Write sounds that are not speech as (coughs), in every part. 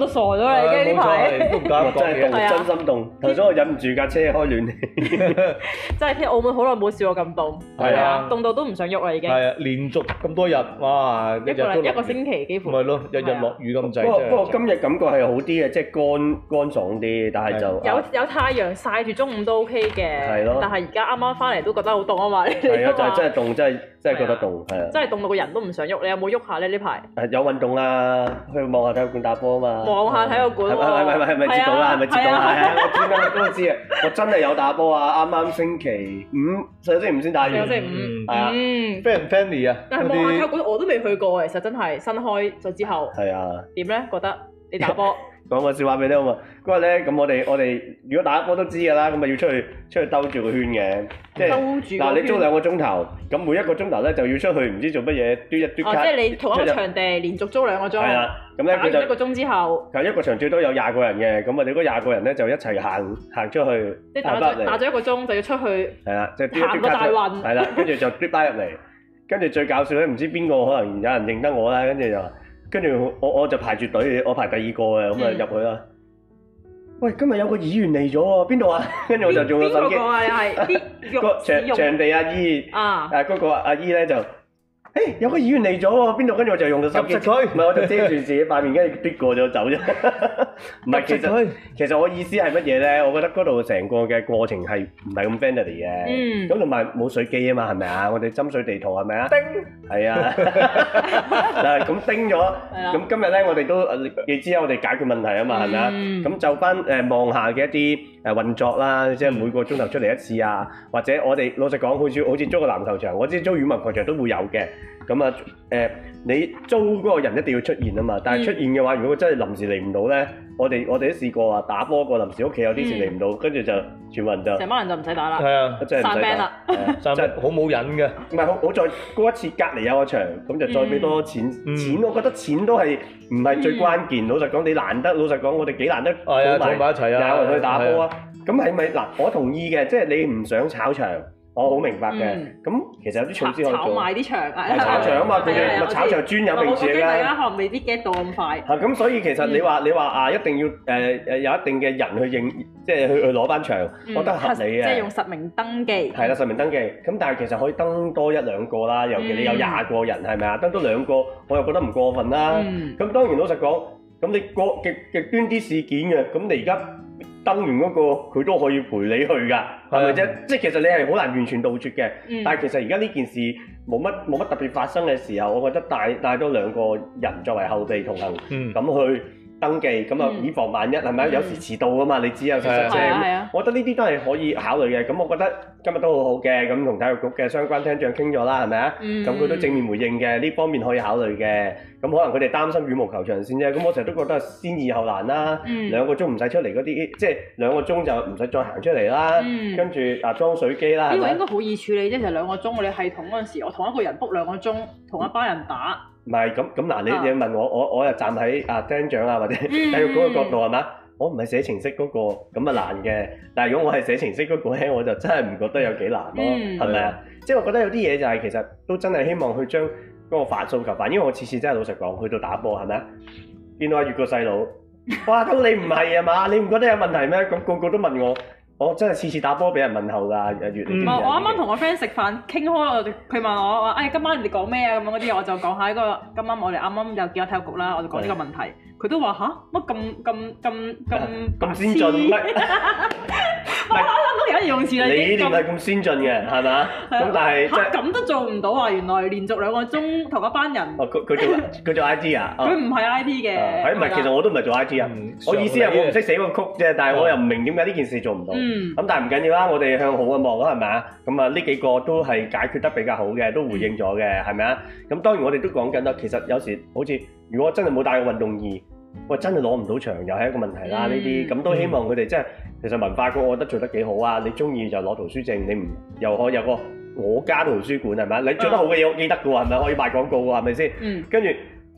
都傻咗啦！已經呢排唔怪得真係凍，真心凍。頭先我忍唔住架車開暖氣，真係啲澳門好耐冇試過咁凍，係啊，凍到都唔想喐啦已經。係啊，連續咁多日，哇！一個一個星期幾乎係咯，日日落雨咁滯。不過今日感覺係好啲嘅，即係乾乾爽啲，但係就有有太陽曬住，中午都 OK 嘅。係咯，但係而家啱啱翻嚟都覺得好凍啊嘛！就係真係凍真係。真係覺得凍，係啊！真係凍到個人都唔想喐，你有冇喐下咧呢排？有運動啦，去望下體育館打波啊嘛！望下體育館，係咪係咪係咪係咪？接到啦，係咪接到啦？係啊係啊，我點樣都知啊！我真係有打波啊，啱啱星期五上星期五先打完。上星期五係啊，very friendly 啊！但係望下體育館我都未去過，其實真係新開咗之後係啊，點咧覺得你打波？講個笑話俾你好嘛？嗰日咧，咁我哋我哋如果打波都知嘅啦，咁咪要出去出去兜住個圈嘅，即係嗱你租兩個鐘頭，咁每一個鐘頭咧就要出去唔知做乜嘢，嘟一嘟卡。哦，即係你同一個場地入連續租兩個鐘。係啦，咁咧佢就一個鐘之後。一個場最多有廿個人嘅，咁啊你嗰廿個人咧就一齊行行出去，得唔得？打咗一個鐘就要出去。係啦，即係行個大運。係啦，跟住就嘟翻入嚟，跟住最搞笑咧，唔知邊個可能有人認得我啦，跟住就。跟住我我就排住隊，我排第二個嘅，咁啊入去啦。嗯、喂，今日有個議員嚟咗喎，邊度啊？跟 (laughs) 住我就做咗手機。邊個，個 (laughs) 啊？場地阿姨。啊，啊。誒，嗰個阿姨咧就。誒，有個議員嚟咗喎，邊度？跟住我就用咗手機，唔係我就遮住自己塊面，跟住逼過咗走啫。唔係，其實其實我意思係乜嘢咧？我覺得嗰度成個嘅過程係唔係咁 friendly 嘅。嗯。咁同埋冇水機啊嘛，係咪啊？我哋斟水地圖係咪啊？叮。係啊。嗱，咁叮咗。係啦。咁今日咧，我哋都亦只有我哋解決問題啊嘛，係咪啊？咁就翻誒望下嘅一啲。誒運作啦，即係每個鐘頭出嚟一次啊，嗯、或者我哋老實講，好似租個籃球場，或者租羽毛球場都會有嘅。咁啊、呃，你租嗰個人一定要出現啊嘛，但係出現嘅話，如果真係臨時嚟唔到呢。我哋我哋都試過啊，打波過臨時屋企有啲事嚟唔到，跟住就全雲就成班人就唔使打啦，散兵啦，散兵好冇癮嘅。唔係，我再過一次隔離有個場，咁就再俾多錢、嗯、錢。我覺得錢都係唔係最關鍵。嗯、老實講，你難得，老實講，我哋幾難得聚埋一齊啊，有人去打波啊。咁係咪嗱？我同意嘅，即係你唔想炒場。我好明白嘅，咁其實有啲措施可以做。炒賣啲場，係炒場啊嘛，佢咪炒場專有名詞嚟㗎。唔好驚大家可能未必 get 到咁快。係，咁所以其實你話你話啊，一定要誒誒有一定嘅人去認，即係去去攞翻場，我覺得合理嘅。即係用實名登記。係啦，實名登記，咁但係其實可以登多一兩個啦，尤其你有廿個人係咪啊？登多兩個，我又覺得唔過分啦。咁當然老實講，咁你過極極端啲事件嘅，咁你而家。登完嗰、那個，佢都可以陪你去㗎，係咪啫？即係 (noise) 其實你係好難完全杜絕嘅。嗯、但係其實而家呢件事冇乜冇乜特別發生嘅時候，我覺得帶帶多兩個人作為後備同行咁、嗯、去。登記咁啊，嗯、以防萬一係咪？嗯、有時遲到啊嘛，你知啊，所以，我覺得呢啲都係可以考慮嘅。咁我覺得今日都好好嘅，咁同體育局嘅相關廳長傾咗啦，係咪啊？咁佢、嗯、都正面回應嘅，呢方面可以考慮嘅。咁可能佢哋擔心羽毛球場先啫。咁我成日都覺得先易後難啦，嗯、兩個鐘唔使出嚟嗰啲，即係兩個鐘就唔使再行出嚟啦。跟住啊，裝水機啦。呢個應該好易處理啫，就兩個鐘。我哋系統嗰陣時，我同一個人 book 兩個鐘，同一班人打。唔係咁咁嗱，樣你、啊、你問我，我我又站喺啊廳長啊或者體育局嘅角度係嘛、嗯？我唔係寫程式嗰個咁啊難嘅，但係如果我係寫程式嗰個咧，我就真係唔覺得有幾難咯，係咪啊？即係我覺得有啲嘢就係、是、其實都真係希望去將嗰個煩數求翻，因為我次次真係老實講去到打波係咪啊？見到度話越過細佬？哇！都你唔係啊嘛？你唔覺得有問題咩？咁個個都問我。我、哦、真係次次打波俾人問候㗎，月月是。唔係，我啱啱同我 friend 食飯傾開，我哋佢問我話：哎，今晚你哋講咩啊？咁樣嗰啲，我就講下呢、這個今晚我哋啱啱又見咗體育局啦，我就講呢個問題。佢都話吓？乜咁咁咁咁先進，我啱啱都有一用詞啦。你點解咁先進嘅，係咪？咁但係嚇咁都做唔到啊！原來連續兩個鐘同一班人。佢做佢做 I T 啊？佢唔係 I T 嘅。係啊，唔係，其實我都唔係做 I T 啊。我意思係我唔識寫個曲啫，但係我又唔明點解呢件事做唔到。咁但係唔緊要啦，我哋向好嘅望啦，係咪？咁啊，呢幾個都係解決得比較好嘅，都回應咗嘅，係咪啊？咁當然我哋都講緊啦，其實有時好似。如果真係冇帶個運動衣，我真係攞唔到場，又係一個問題啦。呢啲咁都希望佢哋即係其實文化局，我覺得做得幾好啊。你鍾意就攞圖書證，你唔又可有個，有個我間圖書館係咪？你做得好嘅嘢，我記得噶喎，係咪？可以賣廣告喎？係咪先？嗯，跟住。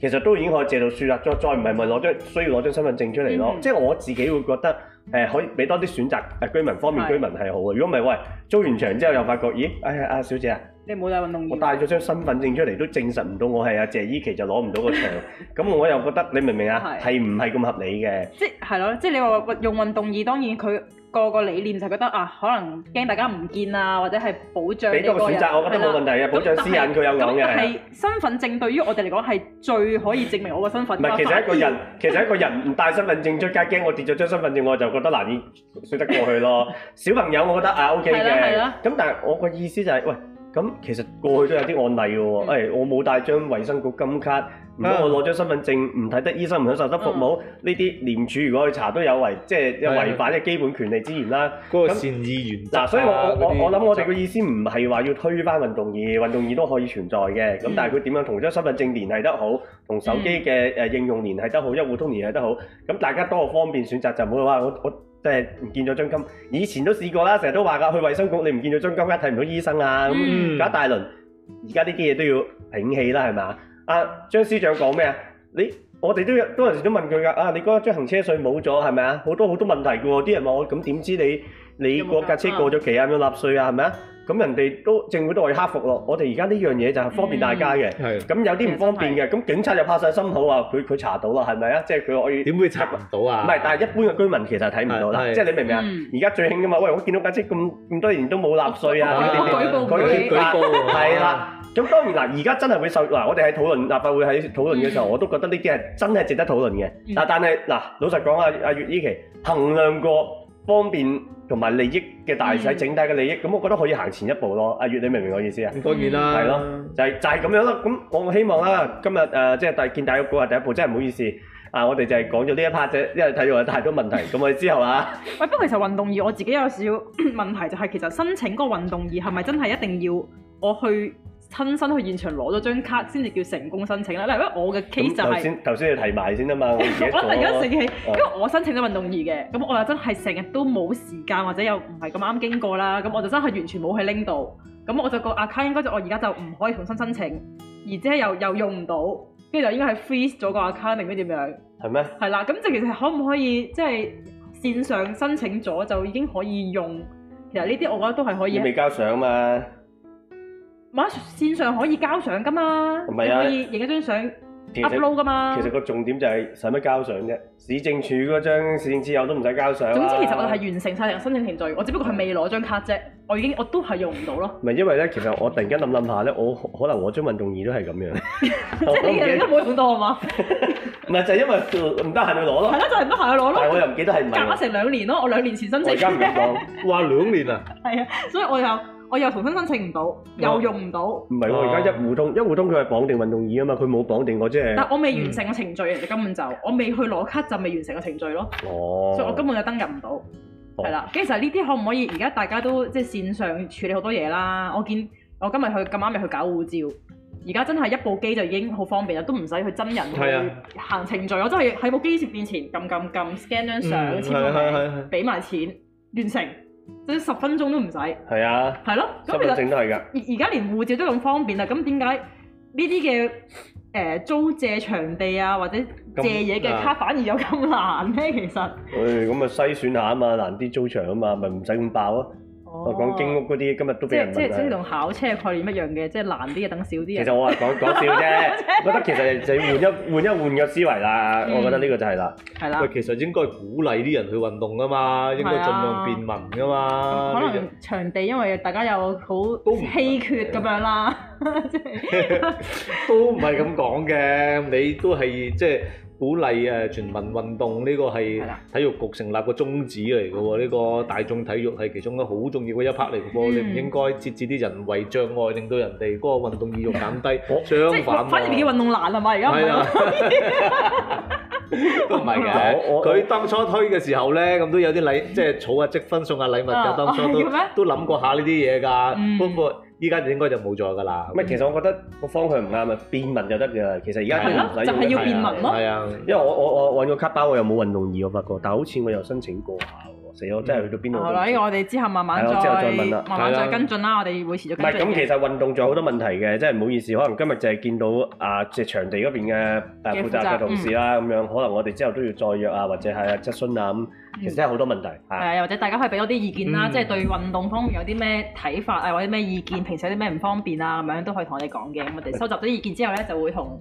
其實都已經可以借到書啦，再再唔係咪攞張需要攞張身份證出嚟咯？嗯、即係我自己會覺得誒、呃，可以俾多啲選擇誒，居民方面，居民係好啊。如果唔係喂，租完場之後又發覺，咦？哎呀，阿小姐啊，你冇帶運動意？我帶咗張身份證出嚟都證實唔到我係阿謝依琪，就攞唔到個場。咁我又覺得你明唔明啊？係唔係咁合理嘅？即係係咯，即係你話用運動意，當然佢。個個理念就覺得啊，可能驚大家唔見啊，或者係保障你。俾多個選擇，我覺得冇問題嘅，了保障私隱佢有講嘅。咁係是，的身份證對於我哋嚟講係最可以證明我個身份。唔係是，言其實一個人 (laughs) 其實一個人唔帶身份證最緊驚我跌咗張身份證，我就覺得難以説得過去咯。小朋友，我覺得 (laughs) 啊 OK 嘅。係啦，咁但係我個意思就係、是、喂。咁其實過去都有啲案例嘅喎、 (laughs) 欸，我冇帶張衞生局金卡，唔通、啊、我攞張身份證，唔睇得醫生，唔享受得服務，呢啲、啊、廉署如果去查都有違，即係有違反嘅基本權利之源啦。嗰對 那個善意原則嗱、啊，所以我我我我諗我哋嘅意思唔係話要推翻運動醫，運動醫都可以存在嘅，咁但係佢點樣同張身份證聯繫得好，同手機嘅誒應用聯繫得好，嗯、一互通聯繫得好，咁大家多個方便選擇就唔會話我我。我都係唔見咗張金，以前都試過啦，成日都話噶，去衞生局你唔見咗張金，而家睇唔到醫生啊咁，搞大輪，而家呢啲嘢都要摒棄啦，係咪？阿張司長講咩啊？你我哋都有當陣時都問佢噶，啊你嗰張行車稅冇咗係咪啊？好多好多問題嘅喎，啲人話我咁點知你你嗰架車過咗期啊？要納稅啊？係咪啊？咁人哋都政府都可以克服咯，我哋而家呢樣嘢就係方便大家嘅。咁有啲唔方便嘅，咁警察就拍曬心口話佢佢查到啦，係咪啊？即係佢可以點會查唔到啊？唔係，但係一般嘅居民其實睇唔到啦。即係你明唔明啊？而家最興㗎嘛？喂，我見到間屋咁咁多年都冇納稅啊，點點，舉報佢啦！係啦，咁當然嗱，而家真係會受嗱，我哋喺討論立法會喺討論嘅時候，我都覺得呢啲係真係值得討論嘅。但係嗱，老實講啊，阿月依期衡量過。方便同埋利益嘅大使、嗯、整體嘅利益，咁我覺得可以行前一步咯。阿、啊、月，你明唔明白我意思啊？當然啦，係、嗯、咯，就係、是、就係、是、咁樣啦。咁我希望啦、啊，今日誒、呃、即係大見大家估下第一步真係唔好意思啊，我哋就係講咗呢一 part 啫，因為睇到太多問題，咁 (laughs) 我哋之後啊。喂，不過其實運動儀我自己有少少問題，就係其實申請嗰個運動儀係咪真係一定要我去？親身去現場攞咗張卡先至叫成功申請啦，嗱，因我嘅 case 就係頭先你提埋先啊嘛，我而家 (laughs) 我突然間醒起，哦、因為我申請咗運動儀嘅，咁我又真係成日都冇時間或者又唔係咁啱經過啦，咁我就真係完全冇去拎到，咁我就個 account 應該就我而家就唔可以重新申請，而且又又用唔到，跟住就應該係 freeze 咗個 account，定點樣？係咩嗎？係啦，咁即其實可唔可以即係、就是、線上申請咗就已經可以用？其實呢啲我覺得都係可以未交上嘛。買線上可以交相噶嘛不？可以影一張相實 upload 噶的嘛其？其實個重點就係使乜交相啫？市政署嗰張市政之後都唔使交相。總之其實我哋係完成曬個申請程序，我只不過係未攞張卡啫。我已經我都係用唔到咯。唔係因為咧，其實我突然間諗諗下咧，我可能我張運動儀都係咁樣，即係你亦都冇用到係嘛？唔係 (laughs) 就係、是、因為唔得閒去攞咯。係啦 (laughs) ，就係唔得閒去攞咯。 (laughs) 我又唔記得係唔係隔咗成兩年咯，我兩年前申請我。 (laughs) (laughs) 我而家唔記得，嘩兩年啊了。係啊，所以我又。我又重新申請唔到，又用唔到。唔係我而家一戶通一戶通佢係綁定運動椅啊嘛，佢冇綁定我即係。但我未完成個程序，人哋根本就我未去攞卡就未完成個程序咯。哦，所以我根本就登入唔到。係啦，其實呢啲可唔可以而家大家都即係線上處理好多嘢啦。我見我今日去咁啱咪去搞護照，而家真係一部機就已經好方便啦，都唔使去真人去行程序，我真係喺部機前面前撳撳撳 scan 張相，簽名，俾埋錢，完成。即十分鐘都唔使，係啊，係咯，身份證都係㗎。而而家連護照都咁方便啦，咁點解呢啲嘅誒租借場地啊或者借嘢嘅卡反而有咁難咧？其實，誒咁啊，嗯、篩選下啊嘛，難啲租場啊嘛，咪唔使咁爆咯。我講經屋嗰啲今日都俾人即係即係同考車概念一樣嘅，即係難啲嘅，等少啲人。其實我話講講笑啫，覺得其實就要換一換一換嘅思維啦。我覺得呢個就係啦。係啦。喂，其實應該鼓勵啲人去運動噶嘛，應該盡量便民噶嘛。可能場地因為大家又好都稀缺咁樣啦。都唔係咁講嘅，你都係即係。鼓勵誒全民運動呢個係體育局成立個宗旨嚟嘅喎，呢個大眾體育係其中一個好重要嘅一 part 嚟嘅喎，你唔應該設置啲人為障礙，令到人哋嗰個運動意欲減低。相反，反而自己運動難係嘛？而家係啊，唔係嘅，佢當初推嘅時候咧，咁都有啲禮，即係儲下積分送下禮物㗎。就當初都都諗過下呢啲嘢㗎，包括。依家就應該就冇咗㗎啦。嗯、其實我覺得個方向唔啱啊，嗯、變文就得㗎。其實而家係咯，就係、是、要變文咯。因為我我我揾個卡包，我又冇運動二，我發覺，但好似我又申請過死咯！即係、嗯、去到邊度好啦都我我哋之後慢慢再，之後再問慢慢再跟進啦。我哋會持續跟進。唔係咁，其實運動仲有好多問題嘅，即係唔好意思，可能今日就係見到、呃、啊，即係場地嗰邊嘅誒，負責嘅同事啦，咁、嗯、樣可能我哋之後都要再約啊，或者係啊質詢啊咁，其實真係好多問題。誒、嗯啊，或者大家可以俾多啲意見啦，嗯、即係對運動方面有啲咩睇法啊，或者咩意見，平時有啲咩唔方便啊，咁樣都可以同我哋講嘅。咁我哋收集咗啲意見之後咧，就會同。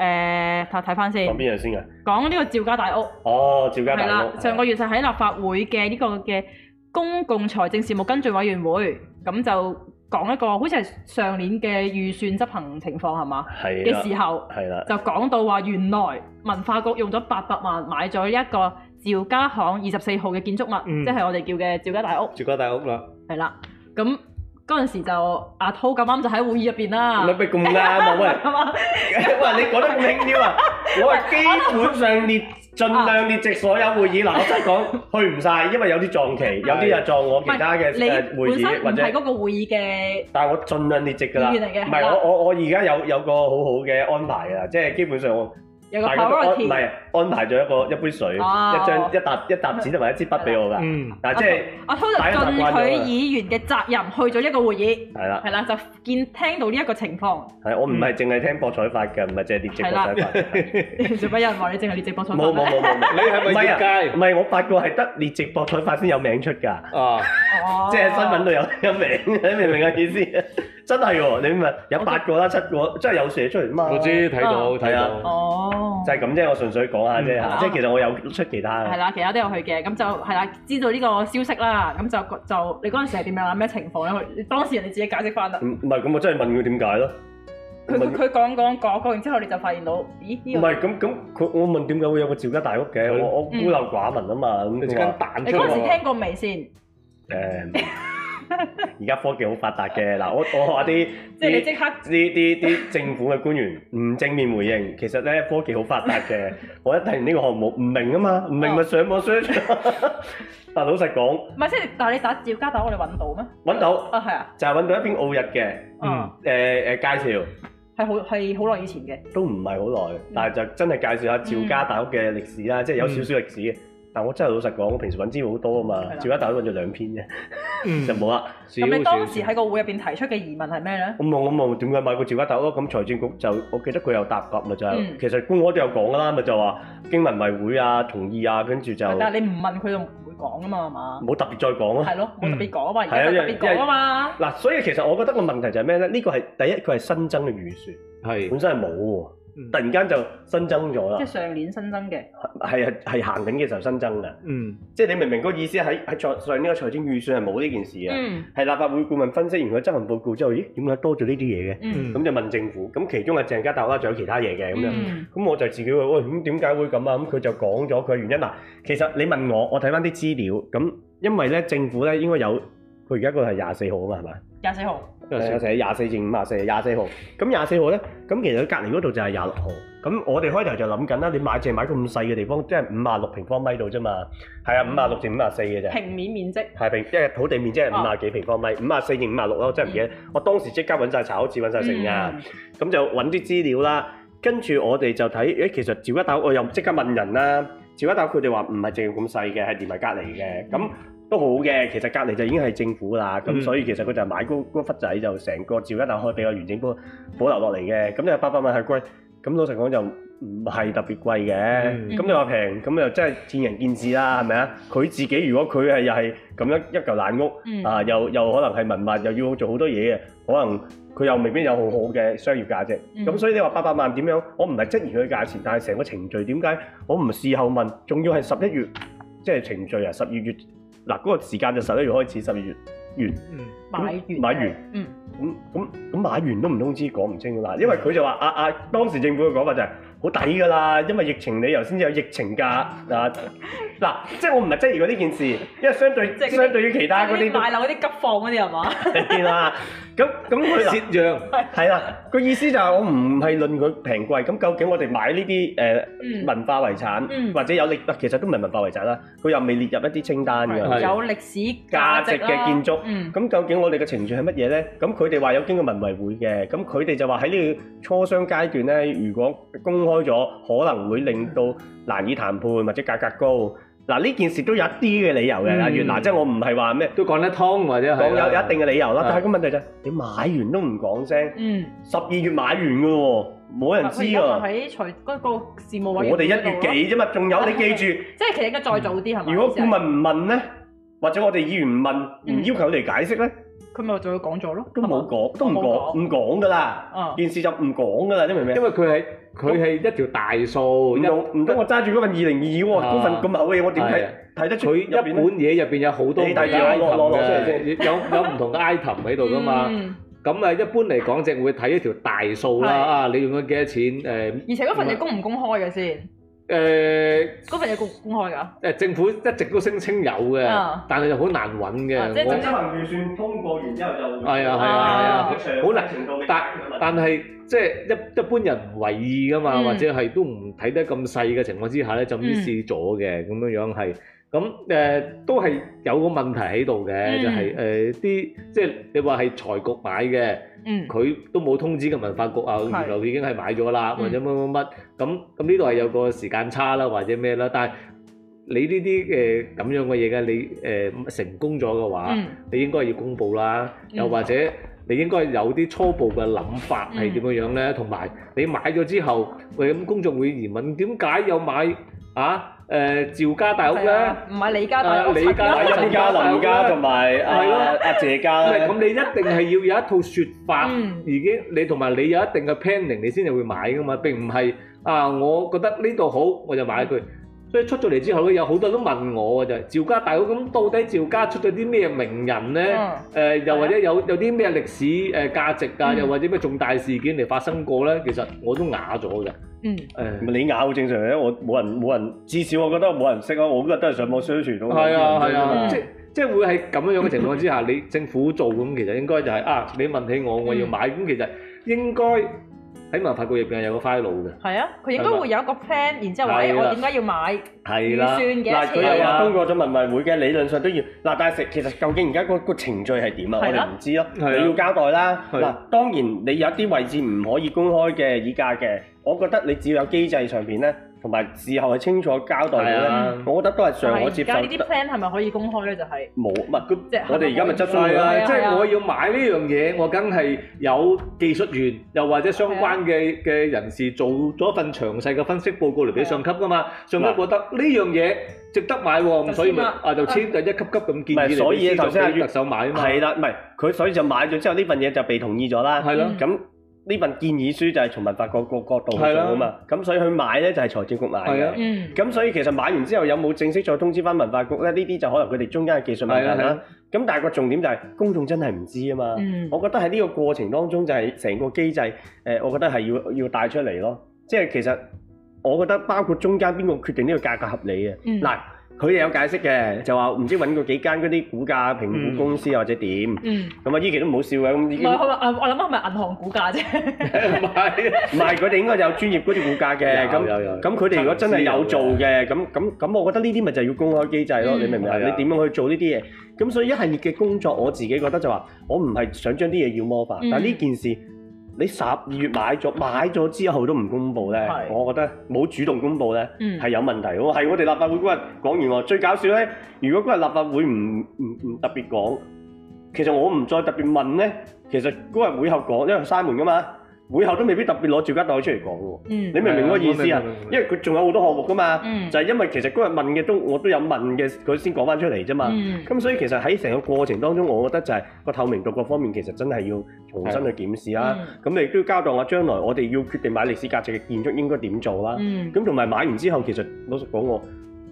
誒，睇睇翻先看看。講邊樣先啊？講呢個趙家大屋。哦，趙家大屋。啦的，上個月就喺立法會嘅呢個嘅公共財政事務跟進委員會，咁就講一個，好似係上年嘅預算執行情況係嘛？係。嘅的時候，係啦的，就講到話原來文化局用咗八百萬買咗一個趙家巷二十四號嘅建築物，即係、嗯、我哋叫嘅趙家大屋。趙家大屋啦。係啦、啊，咁。嗰陣時就阿濤咁啱就喺會議入邊啦。你唔咪咁啱，冇人。喂，你講得咁輕佻啊？我係基本上列盡量列席所有會議，嗱，我真係講去唔晒，因為有啲撞期，有啲就撞我其他嘅會議或者。你本身唔係嗰個會議嘅。但係我盡量列席㗎啦。預定嘅。唔係，我我我而家有有個好好嘅安排啊，即係基本上。有個唔係安排咗一個一杯水，一張一沓一沓紙同埋一支筆俾我㗎。但係即係，我通達盡佢議員嘅責任，去咗一個會議。係啦，係啦，就見聽到呢一個情況。係我唔係淨係聽博彩法㗎，唔係淨係列席博彩法。做乜有人話你淨係列席博彩法？冇冇冇冇，你係咪條街？唔係我發覺係得列席博彩法先有名出㗎。哦，即係新聞都有有名，你明唔明我意思？真係喎，你咪有八個啦，七個，真係有寫出嚟嘛？我知，睇到睇下。啊、到哦。就係咁啫，我純粹講下啫嚇，嗯、即係其實我有出其他。係啦，其他都有去嘅，咁就係啦，知道呢個消息啦，咁就就你嗰陣時係點樣啊？咩情況咧？你當時，當時人哋自己解釋翻啦。唔唔係，咁我真係問佢點解咯。佢佢講講講講完之後，你就發現到，咦？唔係咁咁，佢我問點解會有個趙家大屋嘅？的我我孤陋寡聞啊嘛，咁、嗯、你嗰陣時聽過未先？誒、嗯。而家科技好發達嘅，嗱，我我話啲，即係你即刻啲啲啲政府嘅官員唔正面回應，其實咧，科技好發達嘅，我一睇完呢個項目唔明啊嘛，唔明咪上網 search，但係老實講，唔係即係，但係你打趙家大屋你搵到咩？搵到啊係啊，就係搵到一篇澳日嘅，嗯，誒誒介紹，係好係好耐以前嘅，都唔係好耐，但係就真係介紹下趙家大屋嘅歷史啦，即係有少少歷史嘅。但我真係老實講，我平時揾資料好多啊嘛，趙的家大屋揾咗兩篇啫，就冇啦。咁你當時喺個會入邊提出嘅疑問係咩咧？冇我冇，點解買個趙家大屋？咁財政局就我記得佢有答及啦啫。就嗯、其實公開都有講噶啦，咪就話經文遺會啊同意啊，跟住就。但係你唔問佢就唔會講啊嘛，係嘛？冇特別再講咯。係咯，冇特別講啊嘛，而家、嗯、特別講啊嘛。嗱、就係，所以其實我覺得個問題就係咩咧？呢個係第一，佢係新增嘅預算，係的本身係冇喎。突然間就新增咗啦，即係上年新增嘅，係係係行緊嘅時候新增噶，嗯，即係你明唔明嗰個意思？喺喺財上呢個財政預算係冇呢件事啊，係、嗯、立法會顧問分析完個質詢報告之後，咦，點解多咗呢啲嘢嘅？咁、嗯、就問政府，咁其中啊鄭家大屋仲有其他嘢嘅咁樣，咁、嗯、我就自己話喂，咁點解會咁啊？咁佢就講咗佢原因嗱，其實你問我，我睇翻啲資料，咁因為咧政府咧應該有，佢而家嗰個係廿四號啊嘛，係咪？廿四號，號，成日廿四至五廿四，廿四號。咁廿四號咧，咁其實隔離嗰度就係廿六號。咁我哋開頭就諗緊啦，你買淨買咁細嘅地方，即係五廿六平方米度啫嘛。係啊，五廿六至五廿四嘅啫。平面面積係平，即係土地面積係五廿幾平方米，五廿四至五廿六咯，即係唔記得。我當時即刻揾曬查，一次揾曬成日，咁、嗯、就揾啲資料啦。跟住我哋就睇，誒其實趙一斗我又即刻問人啦。趙一斗佢哋話唔係淨係咁細嘅，係連埋隔離嘅咁。嗯都好嘅，其實隔籬就已經係政府啦，咁所以其實佢就係買嗰嗰忽仔就成個照一打開比較完整波保留落嚟嘅。咁你話八百萬係貴，咁老實講就唔係特別貴嘅。咁你話平，咁又真係見仁見智啦，係咪啊？佢自己如果佢係又係咁樣一一嚿爛屋啊，又又可能係文物，又要做好多嘢嘅，可能佢又未必有好好嘅商業價值。咁所以你話八百萬點樣？我唔係質疑佢價錢，但係成個程序點解我唔事後問？仲要係十一月即係程序啊，十二月。嗱，嗰個時間就十一月開始，十二月完。嗯買完，嗯，咁咁咁買完都唔通知，講唔清㗎啦。因為佢就話啊啊，當時政府嘅講法就係好抵㗎啦。因為疫情，理由，先至有疫情價嗱，嗱，即係我唔係質疑嗰呢件事，因為相對相對於其他嗰啲買樓嗰啲急放嗰啲係嘛？你見啦，咁咁佢折讓係啦，個意思就係我唔係論佢平貴。咁究竟我哋買呢啲誒文化遺產或者有歷嗱其實都唔係文化遺產啦，佢又未列入一啲清單嘅有歷史價值嘅建築。咁究竟？我哋嘅程序係乜嘢咧？咁佢哋話有經過民衆會文遺會嘅，咁佢哋就話喺呢個初商階段咧，如果公開咗，可能會令到難以談判或者價格高。嗱、啊、呢件事都有一啲嘅理由嘅，阿袁嗱，即、就、係、是、我唔係話咩，都講得通或者講有、嗯、有一定嘅理由啦。是但係個問題就係、是，你買完都唔講聲，十二、嗯、月買完嘅喎，冇人知啊。喺、嗯、個事務委我哋一月幾啫嘛，仲、嗯、有是你記住，即係其實應該再早啲係嘛？嗯、如果顧問唔問咧，或者我哋議員唔問，唔要求你解釋咧？嗯嗯佢咪就會講咗咯，都冇講，是是都唔講，唔講噶啦，啊、件事就唔講噶啦，你明唔明？因為佢係佢係一條大數，唔得、嗯啊啊，我揸住嗰份二零二喎，嗰份咁好嘢，我點睇睇得佢一本嘢入邊，有好多，有有唔同嘅 item 喺度噶嘛？咁啊、嗯，一般嚟講，淨會睇一條大數啦。你用咗幾多錢？誒、呃，而且嗰份嘢公唔公開嘅先？誒，嗰份有公公開㗎？誒，政府一直都聲稱有嘅，但係就好難揾嘅。即係執行預算通過完之後，就係啊係啊係啊，好難達。但係即係一一般人唔為意㗎嘛，或者係都唔睇得咁細嘅情況之下咧，就唔知咗嘅咁樣樣係。咁誒都係有個問題喺度嘅，就係誒啲即係你話係財局買嘅，佢都冇通知嘅文化局啊，原來已經係買咗啦，或者乜乜乜咁咁呢度係有個時間差啦，或者咩啦？但係你呢啲誒咁樣嘅嘢嘅，你誒成功咗嘅話，你應該要公佈啦，又或者你應該有啲初步嘅諗法係點樣樣咧？同埋你買咗之後，喂咁公眾會疑問點解又買啊？誒趙家大屋咧，唔係李家大屋，李家、林家同埋阿阿謝家啦。唔係咁，你一定係要有一套説法，已經你同埋你有一定嘅 planning，你先至會買噶嘛。並唔係啊，我覺得呢度好，我就買佢。所以出咗嚟之後咧，有好多人都問我㗎啫。趙家大屋咁到底趙家出咗啲咩名人咧？誒又或者有有啲咩歷史誒價值啊？又或者咩重大事件嚟發生過咧？其實我都啞咗㗎。嗯，誒，你咬好正常嘅，我冇人冇人，至少我覺得冇人識咯，我今日都係上網宣傳到。係啊，係啊，即即會喺咁樣嘅情況之下， (laughs) 你政府做咁其實應該就係、係、啊，你問起我我要買，咁、嗯、其實應該。喺文化局入邊係有個 file 嘅，係啊，佢應該會有一個 plan，然之後話我點解要買，係啦，算嘅車啊，嗱，佢又話通過咗文遺會嘅理論上都要，嗱，但係食其實究竟而家個個程序係點啊？我哋唔知咯，你要交代啦。嗱，當然你有啲位置唔可以公開嘅議價嘅，我覺得你只要有機制上邊咧。同埋事後係清楚交代啦，我覺得都係上海接受。而家呢啲 plan 係咪可以公開咧？就係冇，唔係咁即係我哋而家咪執曬啦。即係我要買呢樣嘢，我梗係有技術員，又或者相關嘅嘅人士做咗一份詳細嘅分析報告嚟俾上級噶嘛？上級覺得呢樣嘢值得買喎，咁所以咪啊就簽咗一級級咁建議你。所以就先係特首買啊嘛。係啦，唔係佢所以就買咗之後，呢份嘢就被同意咗啦。係咯，咁。呢份建議書就係從文化局個角度去做啊嘛，咁的所以佢買呢就係、是、財政局買嘅，咁的所以其實買完之後有冇正式再通知翻文化局呢？呢啲就可能佢哋中間嘅技術問題啦。咁但係個重點就係、是、公眾真係唔知啊嘛。的我覺得喺呢個過程當中就係成個機制，誒，我覺得係要要帶出嚟咯。即係其實我覺得包括中間邊個決定呢個價格合理嘅嗱。的的佢哋有解釋嘅，就話、是、唔知揾過幾間嗰啲股價評估公司或者點，咁啊依期都唔好笑嘅咁。唔係，我諗係咪銀行股價啫？唔 (laughs) 係， (laughs) 唔係，佢哋應該有專業嗰啲股價嘅。有咁佢哋如果真係有做嘅，咁咁咁，我覺得呢啲咪就係要公開機制咯。嗯、你明唔明的你點樣去做呢啲嘢？咁所以一系列嘅工作，我自己覺得就話，我唔係想將啲嘢要魔法，但呢件事。你十二月買咗，買咗之後都唔公佈呢，是我覺得冇主動公佈呢，係、嗯、有問題的。係我，係我哋立法會嗰日講完喎，最搞笑呢，如果嗰日立法會唔唔特別講，其實我唔再特別問呢。其實嗰日會後講，因為閂門㗎嘛。以後都未必特別攞趙家大屋出嚟講喎，嗯、你明唔明我意思啊？因為佢仲有好多項目㗎嘛，嗯、就係因為其實嗰日問嘅都我都有問嘅，佢先講返出嚟啫嘛。咁、嗯、所以其實喺成個過程當中，我覺得就係、是、個透明度各方面其實真係要重新去檢視啦。咁、嗯、你都要交代我將來我哋要決定買歷史價值嘅建築應該點做啦。咁同埋買完之後，其實老實講我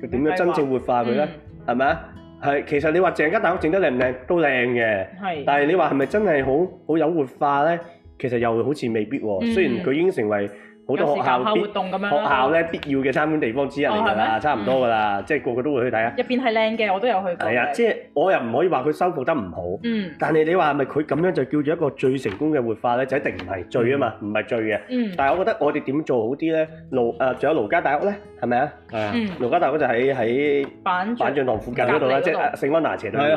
佢點樣真正活化佢咧？係咪啊？係其實你話鄭家大屋整得靚唔靚都靚嘅，是嗯、但係你話係咪真係好好有活化咧？其實又好似未必喎，哦，嗯，雖然佢已經成為，好多學校活動咁樣，學校咧必要嘅參觀地方之一嚟㗎啦，差唔多㗎啦，即係個個都會去睇啊。入邊係靚嘅，我都有去過。係啊，即係我又唔可以話佢修復得唔好。嗯。但係你話係咪佢咁樣就叫做一個最成功嘅活化咧？就一定唔係最啊嘛，唔係最嘅。嗯。但係我覺得我哋點做好啲咧？盧誒，仲有盧家大屋咧，係咪啊？係啊。盧家大屋就喺喺板板樟堂附近嗰度啦，即係聖安娜斜對面啊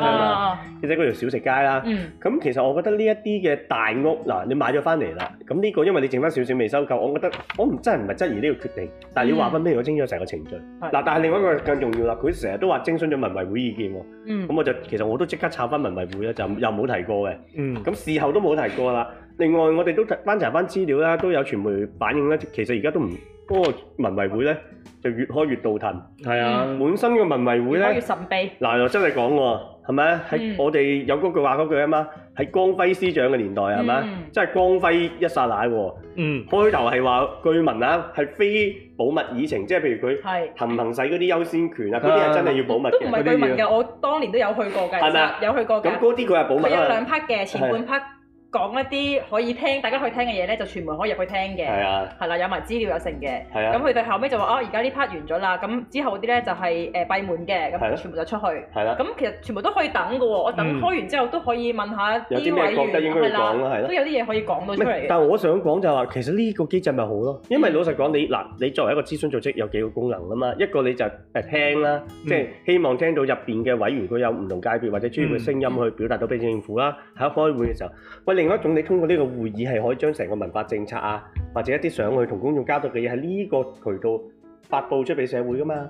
嘛，即係嗰條小食街啦。嗯。咁其實我覺得呢一啲嘅大屋嗱，你買咗翻嚟啦，咁呢個因為你剩翻少少未收購，我覺得。我唔真係唔係質疑呢個決定，但係你話翻俾我清楚成個程序，嗱、嗯，但係另外一個更重要啦，佢成日都話徵詢咗文遺會意見喎，咁、嗯、我就其實我都即刻炒翻文遺會咧，就又冇提過嘅，咁事後都冇提過啦。另外我哋都翻查翻資料啦，都有傳媒反映咧，其實而家都唔。嗯。嗰個文遺會咧就越開越倒退，係啊，本身嘅文遺會咧，越神秘，嗱又真係講喎，係咪？喺我哋有嗰句話嗰句啊嘛，喺光輝司長嘅年代係咪啊？即係光輝一剎那喎，開頭係話據聞啊，係非保密議程，即係譬如佢行唔行使嗰啲優先權啊，嗰啲係真係要保密嘅。都唔係據聞嘅，我當年都有去過㗎，有去過㗎。咁嗰啲佢係保密啊。佢有兩 part 嘅，前半 part。講一啲可以聽，大家可以聽嘅嘢咧，就全部可以入去聽嘅。係啊的，係啦，有埋資料有剩嘅。係的、嗯、啊，咁佢哋後尾就話：哦，而家呢 part 完咗啦，咁之後啲咧就係誒閉門嘅，咁的全部就出去。係啦的，咁、嗯、其實全部都可以等嘅喎，我等開完之後都可以問下啲委員係啦，都有啲嘢可以講到出嚟。但係我想講就話、是，其實呢個機制咪好咯，因為老實講，你嗱你作為一個諮詢組織有幾個功能㗎嘛？一個你就誒聽啦，即、就、係、是、希望聽到入邊嘅委員佢有唔同界別或者專業嘅聲音、嗯、去表達到俾政府啦。下一開會嘅時候，餵另一種你通過呢個會議係可以將成個文化政策啊，或者一啲上去同公眾交流嘅嘢，喺呢個渠道發佈出俾社會噶嘛。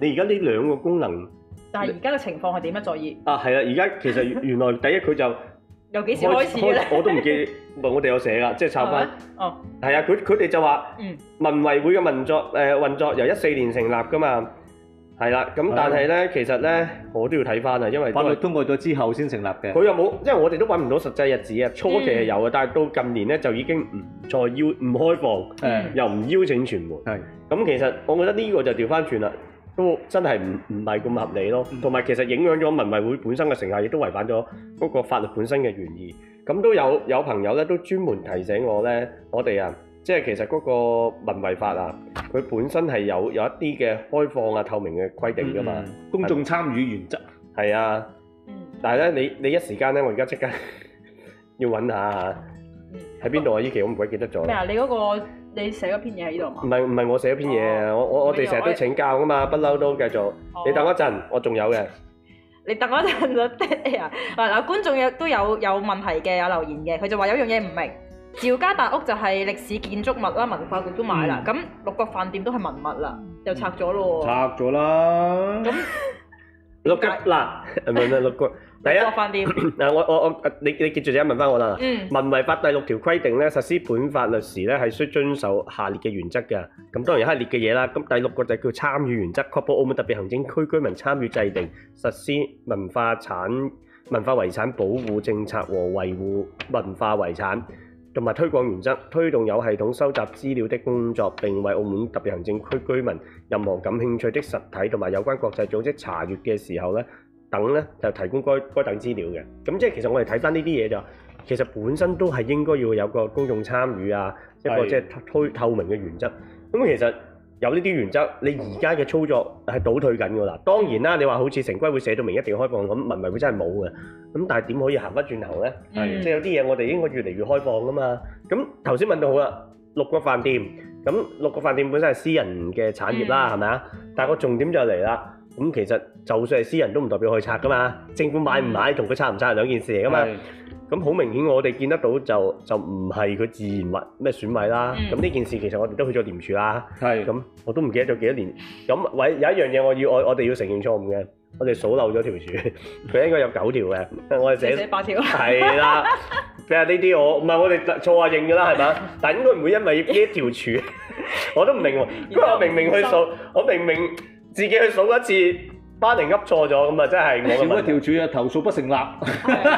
你而家呢兩個功能，但係而家嘅情況係點樣作業？啊，係啦，而家其實原來第一佢就由幾時開始嘅咧？我都唔記得，唔係我哋有寫噶，即係抄翻哦。係啊，佢佢哋就話，嗯，文遺會嘅運作誒運作由一四年成立噶嘛。係啦，咁但係咧，其實咧，我都要睇翻啊，因為法律通過咗之後先成立嘅。佢又冇，因為我哋都揾唔到實際日子啊。初期係有嘅，但係到近年咧就已經唔再邀，唔開放，嗯、又唔邀請傳媒。係咁、嗯嗯嗯，其實我覺得呢個就調翻轉啦，都真係唔唔係咁合理咯。同埋、嗯、其實影響咗文遺會本身嘅成效，亦都違反咗嗰個法律本身嘅原意。咁都有、嗯、有朋友咧都專門提醒我咧，我哋啊。即係其實嗰個文遺法啊，佢本身係有有一啲嘅開放啊、透明嘅規定㗎嘛，公眾參與原則係啊。但係咧，你你一時間咧，我而家即刻要揾下喺邊度啊！依期我唔鬼記得咗咩啊？你嗰個你寫咗篇嘢喺呢度嘛？唔係唔係我寫咗篇嘢啊！我我我哋成日都請教㗎嘛，不嬲都繼續。你等我一陣，我仲有嘅。你等我一陣就得啊！嗱嗱，觀眾亦都有有問題嘅，有留言嘅，佢就話有一樣嘢唔明。趙家大屋就係歷史建築物啦，文化局都買啦。咁、嗯、六國飯店都係文物啦，又拆咗咯。拆咗麼啦。咁 (laughs) 六國嗱，唔係唔六國，第一六國飯店嗱， (coughs) 我我我你你記住就問翻我啦。嗯。文遺法第六條規定咧，實施本法律時咧係須遵守下列嘅原則嘅。咁當然有系列嘅嘢啦。咁第六個就叫參與原則，確保澳門特別行政區居民參與制定實施文化產文化遺產保護政策和維護文化遺產。同埋推廣原則，推動有系統收集資料的工作，並為澳門特別行政區居民任何感興趣的實體同埋有，有關國際組織查閲嘅時候咧，等咧就提供該該等資料嘅。咁即係其實我哋睇翻呢啲嘢就，其實本身都係應該要有個公眾參與啊，一個即係推透明嘅原則。咁其實。有呢啲原則，你而家嘅操作係倒退緊㗎啦。當然啦，你話好似城規會寫到明一定要開放咁，文遺會真係冇嘅。咁但係點可以行不轉頭咧？的即係有啲嘢我哋應該越嚟越開放噶嘛。咁頭先問到好啦，六個飯店，咁六個飯店本身係私人嘅產業啦，係咪啊？但係個重點就嚟啦。咁其實就算係私人都唔代表可以拆㗎嘛。政府買唔買同佢拆唔拆係兩件事嚟㗎嘛。咁好明顯，我哋見得到就就唔係佢自然物咩損毀啦。咁呢、嗯、件事其實我哋都去咗廉署啦。係咁，我都唔記得咗幾多年。咁喂，有一樣嘢我要我我哋要承認錯誤嘅，我哋數漏咗條柱，佢 (laughs) 應該有九條嘅，我哋寫,寫八條。係 (laughs) 啦，即係呢啲我唔係我哋錯下認嘅啦，係咪？ (laughs) 但應該唔會因為呢一條柱， (laughs) 我都唔明喎。而言 我明,明明去數，我明,明明自己去數一次。巴零噏錯咗咁啊！真係我。九條柱啊，投訴不成立，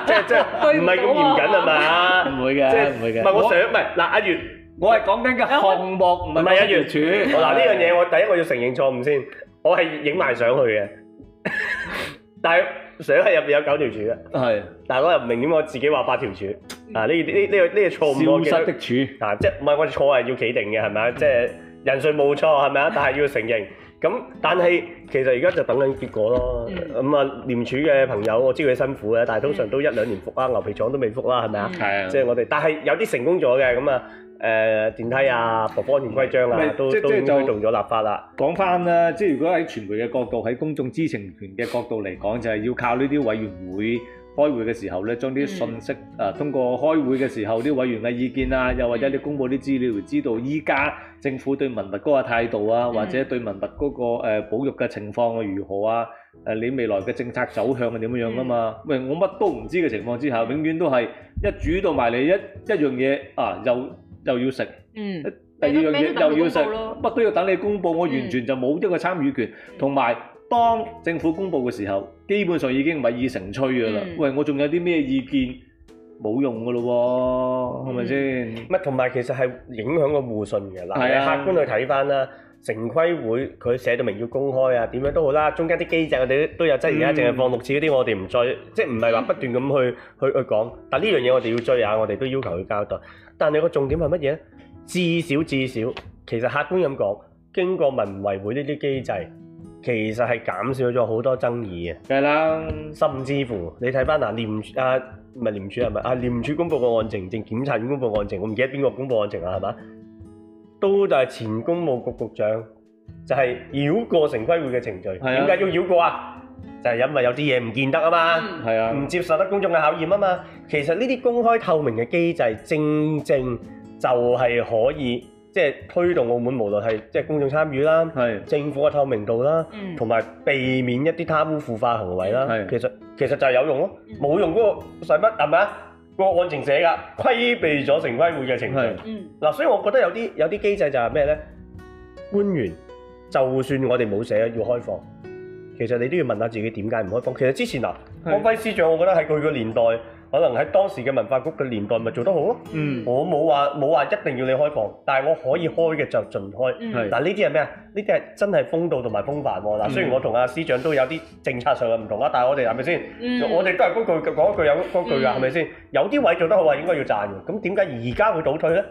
即係即係唔係咁嚴謹係嘛？唔會嘅，唔會嘅。唔係我相，唔係嗱阿月，我係講緊嘅項目唔係阿月柱。嗱呢樣嘢我第一我要承認錯誤先，我係影埋相去嘅，但係相喺入邊有九條柱嘅。係。但係我又唔明點，我自己話八條柱。啊呢呢呢個呢個錯誤。消失的柱。啊即係唔係我錯係要企定嘅係咪啊？即係人數冇錯係咪啊？但係要承認。咁，嗯、但係其實而家就等緊結果咯。咁啊、嗯，廉、嗯、署嘅朋友，我知佢辛苦嘅，但係通常都一兩年復啦、啊，牛皮廠都未復啦，係咪啊？係、嗯。即係我哋，但係有啲成功咗嘅咁啊，誒、呃、電梯啊，消防規章啊，是都、就是、都推動咗立法啦。講翻啦，即係如果喺傳媒嘅角度，喺公眾知情權嘅角度嚟講，就係、是、要靠呢啲委員會。開會嘅時候咧，將啲信息、嗯、啊，通過開會嘅時候啲委員嘅意見啊，又或者你公布啲資料，知道依家政府對文物嗰個態度啊，嗯、或者對文物嗰個誒保育嘅情況係如何啊？誒、啊，你未來嘅政策走向係點樣樣噶嘛？喂、嗯，我乜都唔知嘅情況之下，永遠都係一煮到埋嚟一一樣嘢啊，又又要食，嗯，第二樣嘢又要食，乜都要等你公佈，我完全就冇一個參與權，同埋、嗯。當政府公布嘅時候，基本上已經木已成舟噶啦。嗯、喂，我仲有啲咩意見冇用噶咯？喎、嗯，係咪先？乜同埋其實係影響個互信嘅。嗱、啊，客觀去睇翻啦，城規會佢寫到明要公開啊，點樣都好啦。中間啲機制我哋都有質疑啊，淨係、嗯、放六次嗰啲我哋唔追，嗯、即係唔係話不斷咁去 (laughs) 去去講。但呢樣嘢我哋要追下，我哋都要求佢交代。但係個重點係乜嘢？至少至少，其實客觀咁講，經過文遺會呢啲機制。其實係減少咗好多爭議啊！係啦，甚至乎你睇翻嗱廉署啊，唔係廉署係咪啊？廉署公佈個案情，正檢察院公佈案情，我唔記得邊個公佈案情啊，係嘛？都就係前公務局局長就係、是、繞過城規會嘅程序，點解是、啊、要繞過啊？就係、是、因為有啲嘢唔見得啊嘛，係是啊，唔接受得公眾嘅考驗啊嘛。其實呢啲公開透明嘅機制，正正就係可以。即係推動澳門無，無論係即係公眾參與啦，是政府嘅透明度啦，同埋、嗯、避免一啲貪污腐化行為啦是。其實其實就係有用咯，冇用嗰個使乜係咪啊？是是嗰個案情寫㗎，規避咗城規會嘅程序。嗱是，嗯、所以我覺得有啲有啲機制就係咩呢？官員就算我哋冇寫要開放，其實你都要問下自己點解唔開放？其實之前嗱，安、啊、輝司長，我覺得喺佢個年代。可能喺當時嘅文化局嘅年代，咪做得好咯。嗯，我冇話冇話一定要你開放，但係我可以開嘅就盡開。係、嗯，嗱呢啲係咩啊？呢啲係真係風度同埋風範喎。嗱，雖然我同阿司長都有啲政策上嘅唔同啦，但係我哋係咪先？是是嗯、我哋都係嗰句講一句有句啊，係咪先？有啲位做得好啊，應該要讚嘅。咁點解而家會倒退咧？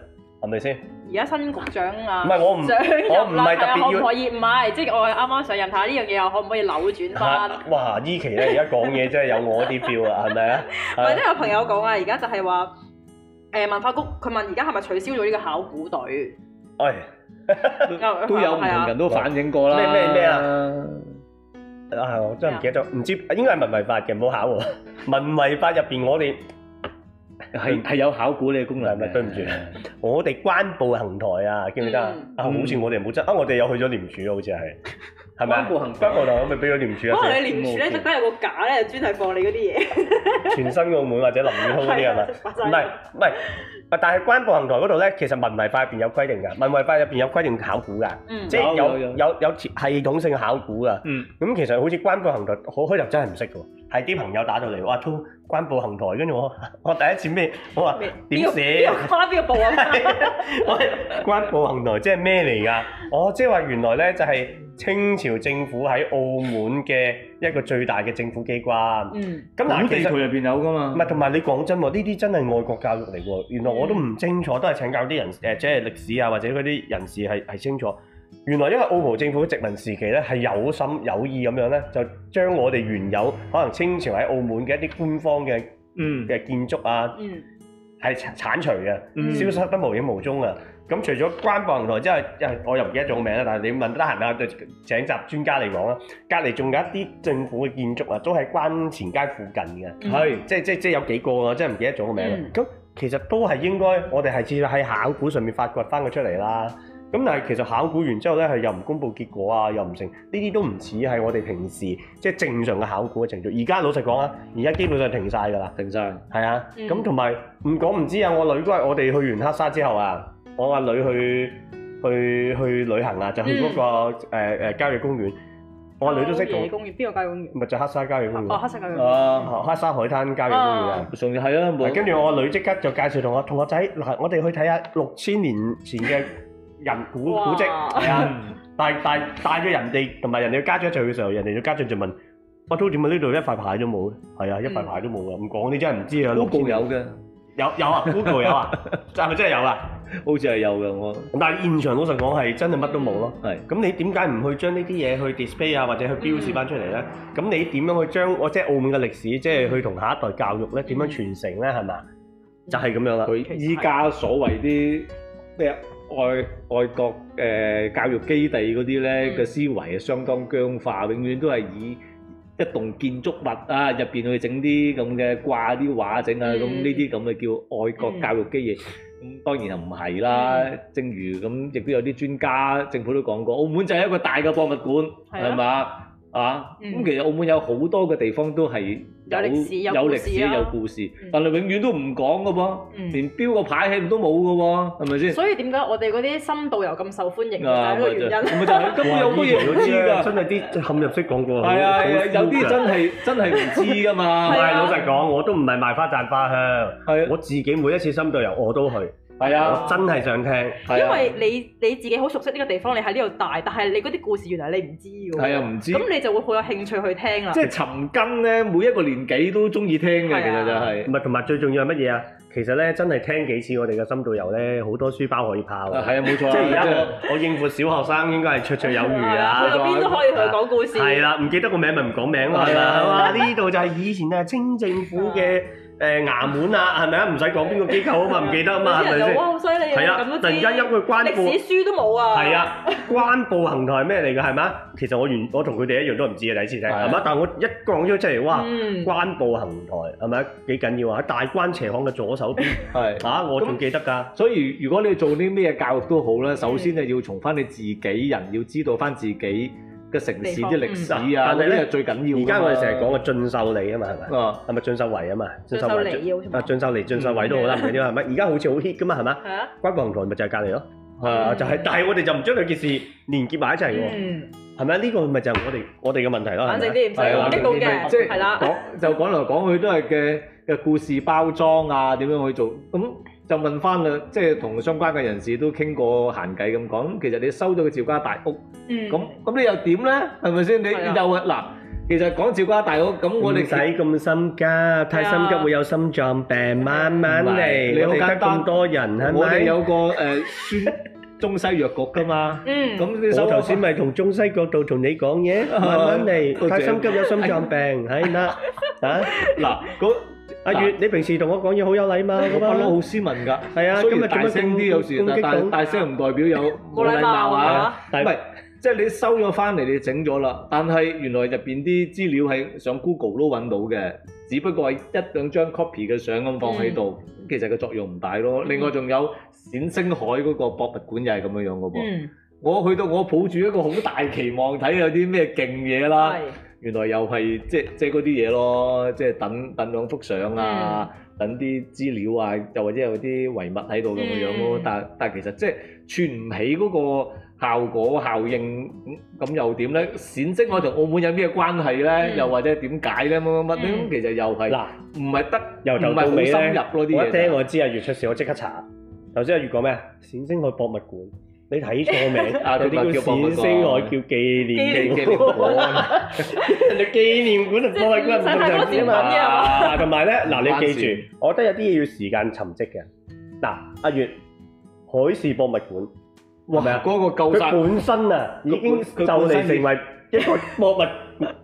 係咪先？而家新局長啊，唔係我唔想我唔係特別可唔可以？唔係，即係我啱啱上任，睇下呢樣嘢又可唔可以扭轉翻？哇！依期咧，而家講嘢真係有我啲 feel 啊，係咪啊？唔係，即係有朋友講啊，而家就係話誒文化局，佢問而家係咪取消咗呢個考古隊？係都有唔同人都反映過啦。咩咩咩啊？啊，我真係唔記得咗，唔知應該係文遺法嘅唔好考喎。文遺法入邊，我哋。係係有考古嘅功能係咪？對唔住，的我哋關部行台啊，記唔記得啊？好似我哋冇執啊，我哋有去咗廉署啊，好似係係咪啊？係係關部行台，關部台咪俾咗廉署啊？不過佢廉署咧，得係個架咧，專係放你嗰啲嘢。傳新澳門或者林宇滔嗰啲人啊，唔係唔係，但係關部行台嗰度咧，其實文遺法入邊有規定噶，文遺法入邊有規定考古噶，嗯、即係有有有，有系統性考古噶。咁、嗯、其實好似關部行台，我開頭真係唔識噶。係啲朋友打到嚟，哇！通關部行台，跟住我，我第一次咩？我話點麼寫？翻邊個部啊？ (laughs) (laughs) 關部行台即係咩嚟噶？哦，即係話原來咧就係清朝政府喺澳門嘅一個最大嘅政府機關。嗯，咁內地佢入邊有噶嘛？唔係，同埋你講真喎，呢啲真係外國教育嚟喎。原來我都唔清楚，都係請教啲人誒，即係歷史啊，或者嗰啲人士係係清楚。原來因為澳葡政府殖民時期咧，係有心有意咁樣咧，就將我哋原有、嗯、可能清朝喺澳門嘅一啲官方嘅嗯嘅建築啊，嗯係剷除嘅，嗯、消失得無影無蹤啊！咁除咗關博行台之外，我又唔記得咗個名啦，但係你問得閒啊，就請集專家嚟講啦。隔離仲有一啲政府嘅建築啊，都喺關前街附近嘅，係、嗯、即係即係即係有幾個喎，即係唔記得咗個名。咁、嗯嗯、其實都係應該，我哋係至少喺考古上面發掘翻佢出嚟啦。咁但係其實考古完之後咧，係又唔公佈結果啊，又唔成，呢啲都唔似係我哋平時即係、就是、正常嘅考古嘅程序。而家老實講啊，而家基本上停晒噶啦，停曬。係啊，咁同埋唔講唔知啊，我女因為我哋去完黑沙之後啊，我阿女去去去旅行啊，就去嗰、那個誒郊野公園。我阿女都識講公園，邊個郊野公園？咪就黑沙郊野公園。哦，黑沙郊野、呃，黑沙海灘郊野公園啊，仲要係啦，跟住我阿女即刻就介紹我同學、同學仔，我哋去睇下六千年前嘅。 (laughs) 人古古蹟，係啊，但係但係帶咗人哋同埋人哋嘅家長一齊去嘅時候，人哋嘅家長就問：阿都點解呢度一塊牌都冇？係啊，一塊牌都冇啊！唔講你真係唔知啊！老共有嘅，有有啊，Google 有啊，就係真係有啊，好似係有嘅我。但係現場老實講係真係乜都冇咯。係。咁你點解唔去將呢啲嘢去 display 啊，或者去標示翻出嚟咧？咁你點樣去將我即係澳門嘅歷史，即係去同下一代教育咧？點樣傳承咧？係咪？就係咁樣啦。佢依家所謂啲咩啊？外外國誒教育基地嗰啲咧嘅思維啊，相當僵化，永遠都係以一棟建築物啊入邊去整啲咁嘅掛啲畫整啊，咁呢啲咁嘅叫愛國教育基地，咁當然又唔係啦。正如咁亦都有啲專家政府都講過，澳門就係一個大嘅博物館，係嘛？啊！其實澳門有好多嘅地方都係有有歷史、有故事，但係永遠都唔講嘅噃，連標個牌起都冇嘅喎，係咪先？所以點解我哋嗰啲深度遊咁受歡迎嘅個原因？根本有好多嘢，真係啲冚入式講過，係有啲真係真唔知噶嘛。唔係老實講，我都唔係賣花讚花香，我自己每一次深度遊我都去。係啊，真係想聽，因為你你自己好熟悉呢個地方，你喺呢度大，但係你嗰啲故事原來你唔知嘅，係啊，唔知，咁你就會好有興趣去聽啦。即係尋根咧，每一個年紀都中意聽嘅，其實就係。唔係，同埋最重要係乜嘢啊？其實咧，真係聽幾次我哋嘅深度遊咧，好多書包可以拍。係啊，冇錯。即係而家我應付小學生應該係綽綽有餘啊。去到邊都可以同佢講故事。係啦，唔記得個名咪唔講名啦，係嘛？呢度就係以前啊，清政府嘅。誒、呃、衙門啊，係咪啊？唔使講邊個機構啊嘛，唔 (laughs) 記得嘛，係咪先？好犀利啊！突然間喐佢關部，歷史書都冇啊。係啊，關部行台咩嚟㗎？係咪啊？其實我原，我同佢哋一樣都唔知嘅。第一次睇係咪？是啊、但我一講咗出嚟，哇！嗯、關部行台係咪？幾緊要啊？大關斜巷嘅左手邊係嚇、啊，我仲記得㗎。 (laughs) 所以如果你做啲咩教育都好啦，首先你要從翻你自己人，要知道翻自己嘅城市啲歷史啊，但係咧最緊要。而家我哋成日講嘅俊秀里啊嘛，係咪？啊，係咪俊秀圍啊嘛，俊秀圍。俊秀啊，俊秀里、俊秀圍都好啦，唔緊要係咪？而家好似好 hit 噶嘛，係咪？係啊。軍港台咪就係隔籬咯。係啊，就係，但係我哋就唔將兩件事連結埋一齊喎。嗯。係咪呢個咪就係我哋我哋嘅問題咯。反正啲唔使激動嘅，係啦。講就講嚟講去都係嘅嘅故事包裝啊，點樣去做咁？就問翻啦，即係同相關嘅人士都傾過閒偈咁講。咁其實你收咗個趙家大屋，咁咁你又點咧？係咪先？你又啊嗱，其實講趙家大屋，咁我哋唔使咁心急，太心急會有心臟病。慢慢嚟，你好簡單。我哋有個誒中西藥局㗎嘛。嗯。咁我頭先咪同中西角度同你講嘢，慢慢嚟。太心急有心臟病，係啦，啊嗱嗰。阿、啊、月，你平時同我講嘢好有禮貌吧我噶嘛？好斯文噶。係啊，今日做乜勁攻擊到？但係大聲唔代表有冇禮貌啊？唔係、啊對，即係你收咗翻嚟，你整咗啦。但係原來入邊啲資料係上 Google 都揾到嘅，只不過係一兩張 copy 嘅相咁放喺度，嗯、其實個作用唔大咯。另外仲有冼星海嗰個博物館又係咁樣樣嘅噃。嗯、我去到我抱住一個好大期望睇有啲咩勁嘢啦。嗯原來又係即即嗰啲嘢咯，即係等等兩幅相啊，等啲資料啊，又或者有啲遺物喺度咁嘅樣咯。但但其實即係串唔起嗰個效果效應，咁又點咧？閃星我同澳門有咩關係咧？又或者點解咧？乜乜乜咧？其實又係嗱，唔係得，又唔係好深入咯。啲我一聽我知啊，月出事我即刻查。頭先阿月講咩？閃星佢博物館。你睇錯名，啊！佢叫冼星海，叫紀念館。人哋紀念館啊，破骨唔同啊。同埋咧，嗱你記住，我覺得有啲嘢要時間沉積嘅。嗱，阿月，海事博物館，哇！嗰個舊宅本身啊，已經就嚟成為一個博物。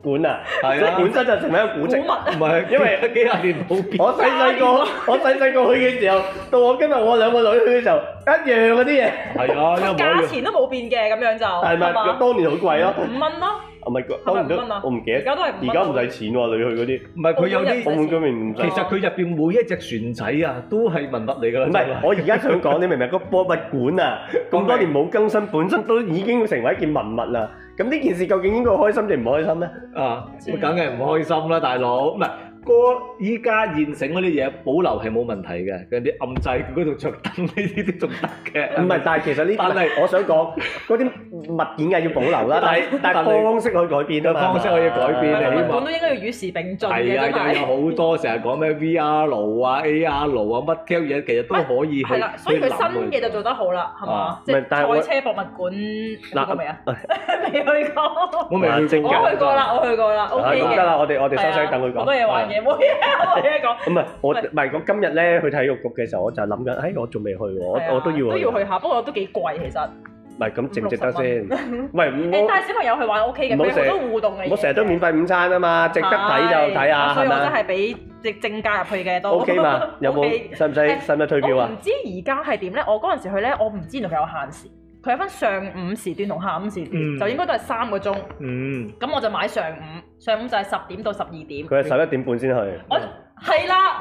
本啊，即係、啊、本身就成為一個古跡，唔係物，因為幾十年冇變。 (laughs) 我細細個，我細細個去嘅時候，到我今日我兩個女去嘅時候，一樣嗰啲嘢，係啊，價錢都冇變嘅咁樣就，係咪吧？吧當年好貴咯，五蚊咯。啊咪，我唔記得，而家唔使錢喎，你去嗰啲。唔係佢有啲，其實佢入邊每一隻船仔啊，都係文物嚟噶啦。唔係是，是我而家想講， (laughs) 你明唔明？個博物館啊，咁多年冇更新，本身都已經成為一件文物啦。咁呢件事究竟應該，應該開心定唔開心咧？啊，梗係唔開心啦，大佬。唔係。歌依家現成嗰啲嘢保留係冇問題嘅，嗰啲暗掣嗰度著燈呢啲都仲得嘅。唔係，但係其實呢，但係我想講嗰啲物件係要保留啦，但係但係方式可以改變咯，方式可以改變啊。博物館都應該要與時並進嘅。係啊，仲有好多成日講咩 VR 路啊 AR 路啊乜嘢，其實都可以係啦。所以佢新嘅就做得好啦，係嘛？即係賽車博物館去過未啊？未去過。我未去過。我去過啦，我去過啦。O K 嘅。咁得啦，我哋我哋收聲等佢講。好多嘢話嘅。唔會啊！我聽講唔係，我唔係，我今日咧去體育局嘅時候，我就係諗緊，哎，我仲未去喎，我我都要都要去下，不過都幾貴其實。唔係，咁值唔值得先？唔係，你帶小朋友去玩 O K 嘅，成日都互動嘅。我成日都免費午餐啊嘛，值得睇就睇下，係咪？所以真係俾正價入去嘅都 O K 嘛？有冇？使唔使使唔使退票啊？唔知而家係點咧？我嗰陣時去咧，我唔知，唔係有限時。佢有分上午時段同下午時段，嗯、就應該都係三個鐘。嗯，咁我就買上午，上午就係十點到十二點。佢係十一點半先去。我係啦，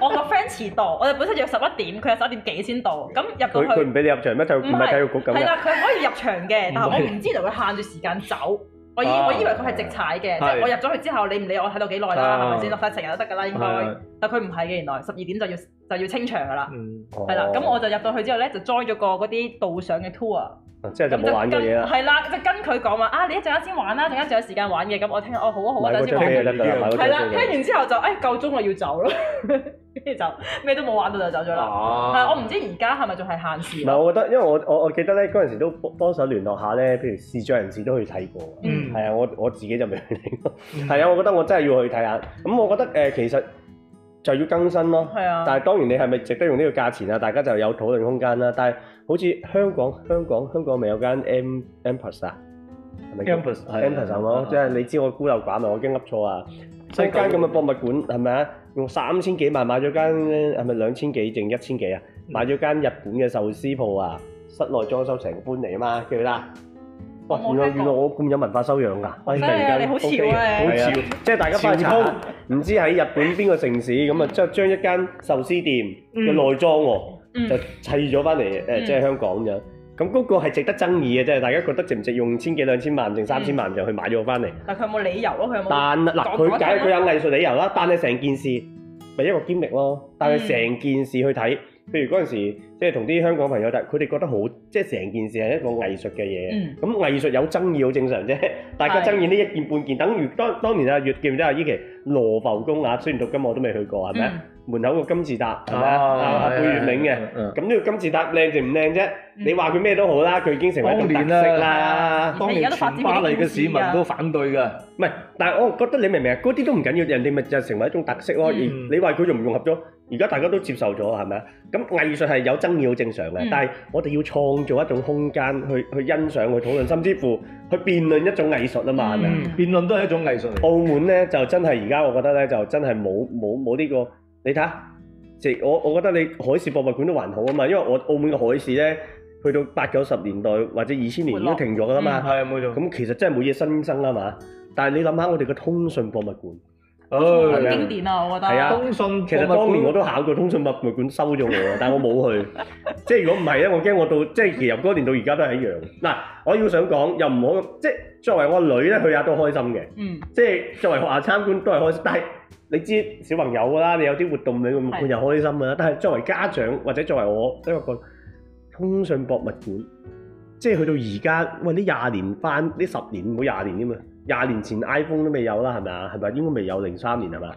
我個 friend 遲到，我哋本身約十一點，佢係十一點幾先到。咁入到去佢唔俾你入場咩？就唔係體育局咁。係啦是，佢的可以入場嘅， (laughs) 但係我唔知佢會限住時間走。我依、oh. 我以為佢係直踩嘅，oh. 即係我入咗去之後，你唔理我睇到幾耐啦，係咪先？攞曬成日都得噶啦，應該。Oh. 但佢唔係嘅，原來十二點就要就要清場噶啦，係啦、oh. 咁我就入到去之後咧，就 join 咗個嗰啲導賞嘅 tour。即係就冇玩嘅嘢啦，係啦，就跟佢講話，啊，你一陣間先玩啦，陣間仲有時間玩嘢。」咁我聽，哦，好啊，好啊，等先，係啦，聽完之後就，哎，夠鐘啦，要走啦，跟住就咩都冇玩到就走咗啦。啊，我唔知而家係咪仲係限時。唔係、啊，我覺得，因為我我我記得咧，嗰陣時都幫手聯絡下咧，譬如視障人士都去睇過，係啊、嗯，我我自己就未去睇，係 (laughs) 啊，我覺得我真係要去睇下。咁、嗯、我覺得誒、呃，其實。就要更新咯，啊、但係當然你係咪值得用呢個價錢啊？大家就有討論空間啦、啊。但係好似香港香港香港咪有間 M+ yeah，M+ 啊？M+ yeah，M+、嗯、有冇、嗯？即係、嗯、你知我孤陋寡聞，我驚噏錯啊！一間咁嘅博物館係咪啊？用三千幾萬買咗間係咪兩千幾定一千幾啊？嗯、買咗間日本嘅壽司鋪啊，室內裝修成搬嚟啊嘛，記唔記得？哇！原來原來我咁有文化修養噶，真係你好似，好似，即係大家發覺唔知喺日本邊個城市咁啊，將將一間壽司店嘅內裝喎，就砌咗翻嚟誒，即係香港咁樣。咁嗰個係值得爭議嘅，即係大家覺得值唔值用千幾兩千萬定三千萬就去買咗翻嚟？但佢有冇理由咯？佢有冇但嗱佢解佢有藝術理由啦，但係成件事咪一個經歷咯。但係成件事去睇，譬如嗰陣時。即係同啲香港朋友，但係佢哋覺得好，即係成件事係一個藝術嘅嘢。咁、嗯、藝術有爭議，好正常啫。大家爭議呢一件半件，的等於當當年啦、啊，一件都羅浮宮啊，雖然到今我都未去過，係咪啊？門口個金字塔係咪啊？貝聿銘嘅，咁呢個金字塔靚定唔靚啫？你話佢咩都好啦，佢已經成為一種特色啦。當年全巴黎嘅市民都反對㗎，唔係，但係我覺得你明唔明啊？嗰啲都唔緊要，人哋咪就成為一種特色咯。而你話佢融唔融合咗？而家大家都接受咗，係咪啊？咁藝術係有爭議好正常嘅，但係我哋要創造一種空間去去欣賞、去討論，甚至乎去辯論一種藝術啊嘛。係咪？辯論都係一種藝術。澳門咧就真係而。而家我覺得呢，就真係冇冇冇呢個，你睇下，我我覺得你海事博物館都還好啊嘛，因為我澳門嘅海事呢，去到八九十年代或者二千年已經停咗噶啦嘛，係啊冇錯。咁、嗯、其實真係冇嘢新生喇嘛，但係你諗下我哋嘅通訊博物館。誒，oh，經典啊！我覺得，其實當年我都考過通訊博物館收咗我， (laughs) 但係我冇去。即係如果唔係咧，我驚我到即係入嗰年到而家都係一樣。嗱，我要想講又唔好，即係作為我女咧，佢也都開心嘅。嗯。即係作為學校參觀都係開心，但係你知小朋友㗎啦，你有啲活動你會唔會又開心㗎、啊、啦。是的 但係作為家長或者作為我，因為個通訊博物館即係去到而家，喂，呢廿年翻呢十年唔好廿年㗎嘛。廿年前 iPhone 都未有啦，係咪啊？係咪應該未有？零三年係嘛？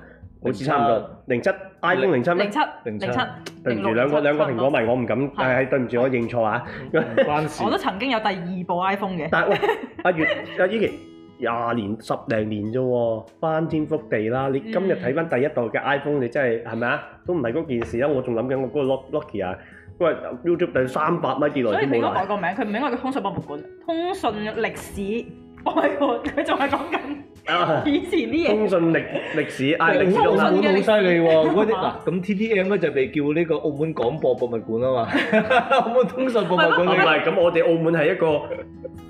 好似差唔多。零七 iPhone 零七咩？零七零七。對唔住兩個兩個蘋果迷，我唔敢。但係對唔住，我認錯啊！唔關事。我都曾經有第二部 iPhone 嘅。但係喂，阿月阿依琪，廿年十零年啫喎，翻天覆地啦！你今日睇翻第一代嘅 iPhone，你真係係咪啊？都唔係嗰件事啦，我仲諗緊我嗰個 Lock Locky 啊，因為 YouTube 第三百米之內。所以佢應該改個名，佢唔應該叫通訊博物館，通訊歷史。唔係，佢仲係講緊以前啲嘢。通信歷歷史，啊，澳門好犀利喎！啲嗱，咁 TDM 應該就被叫呢個澳門廣播博，博物館啊嘛。 (laughs) 澳門通信博物館唔係，咁我哋澳門係一個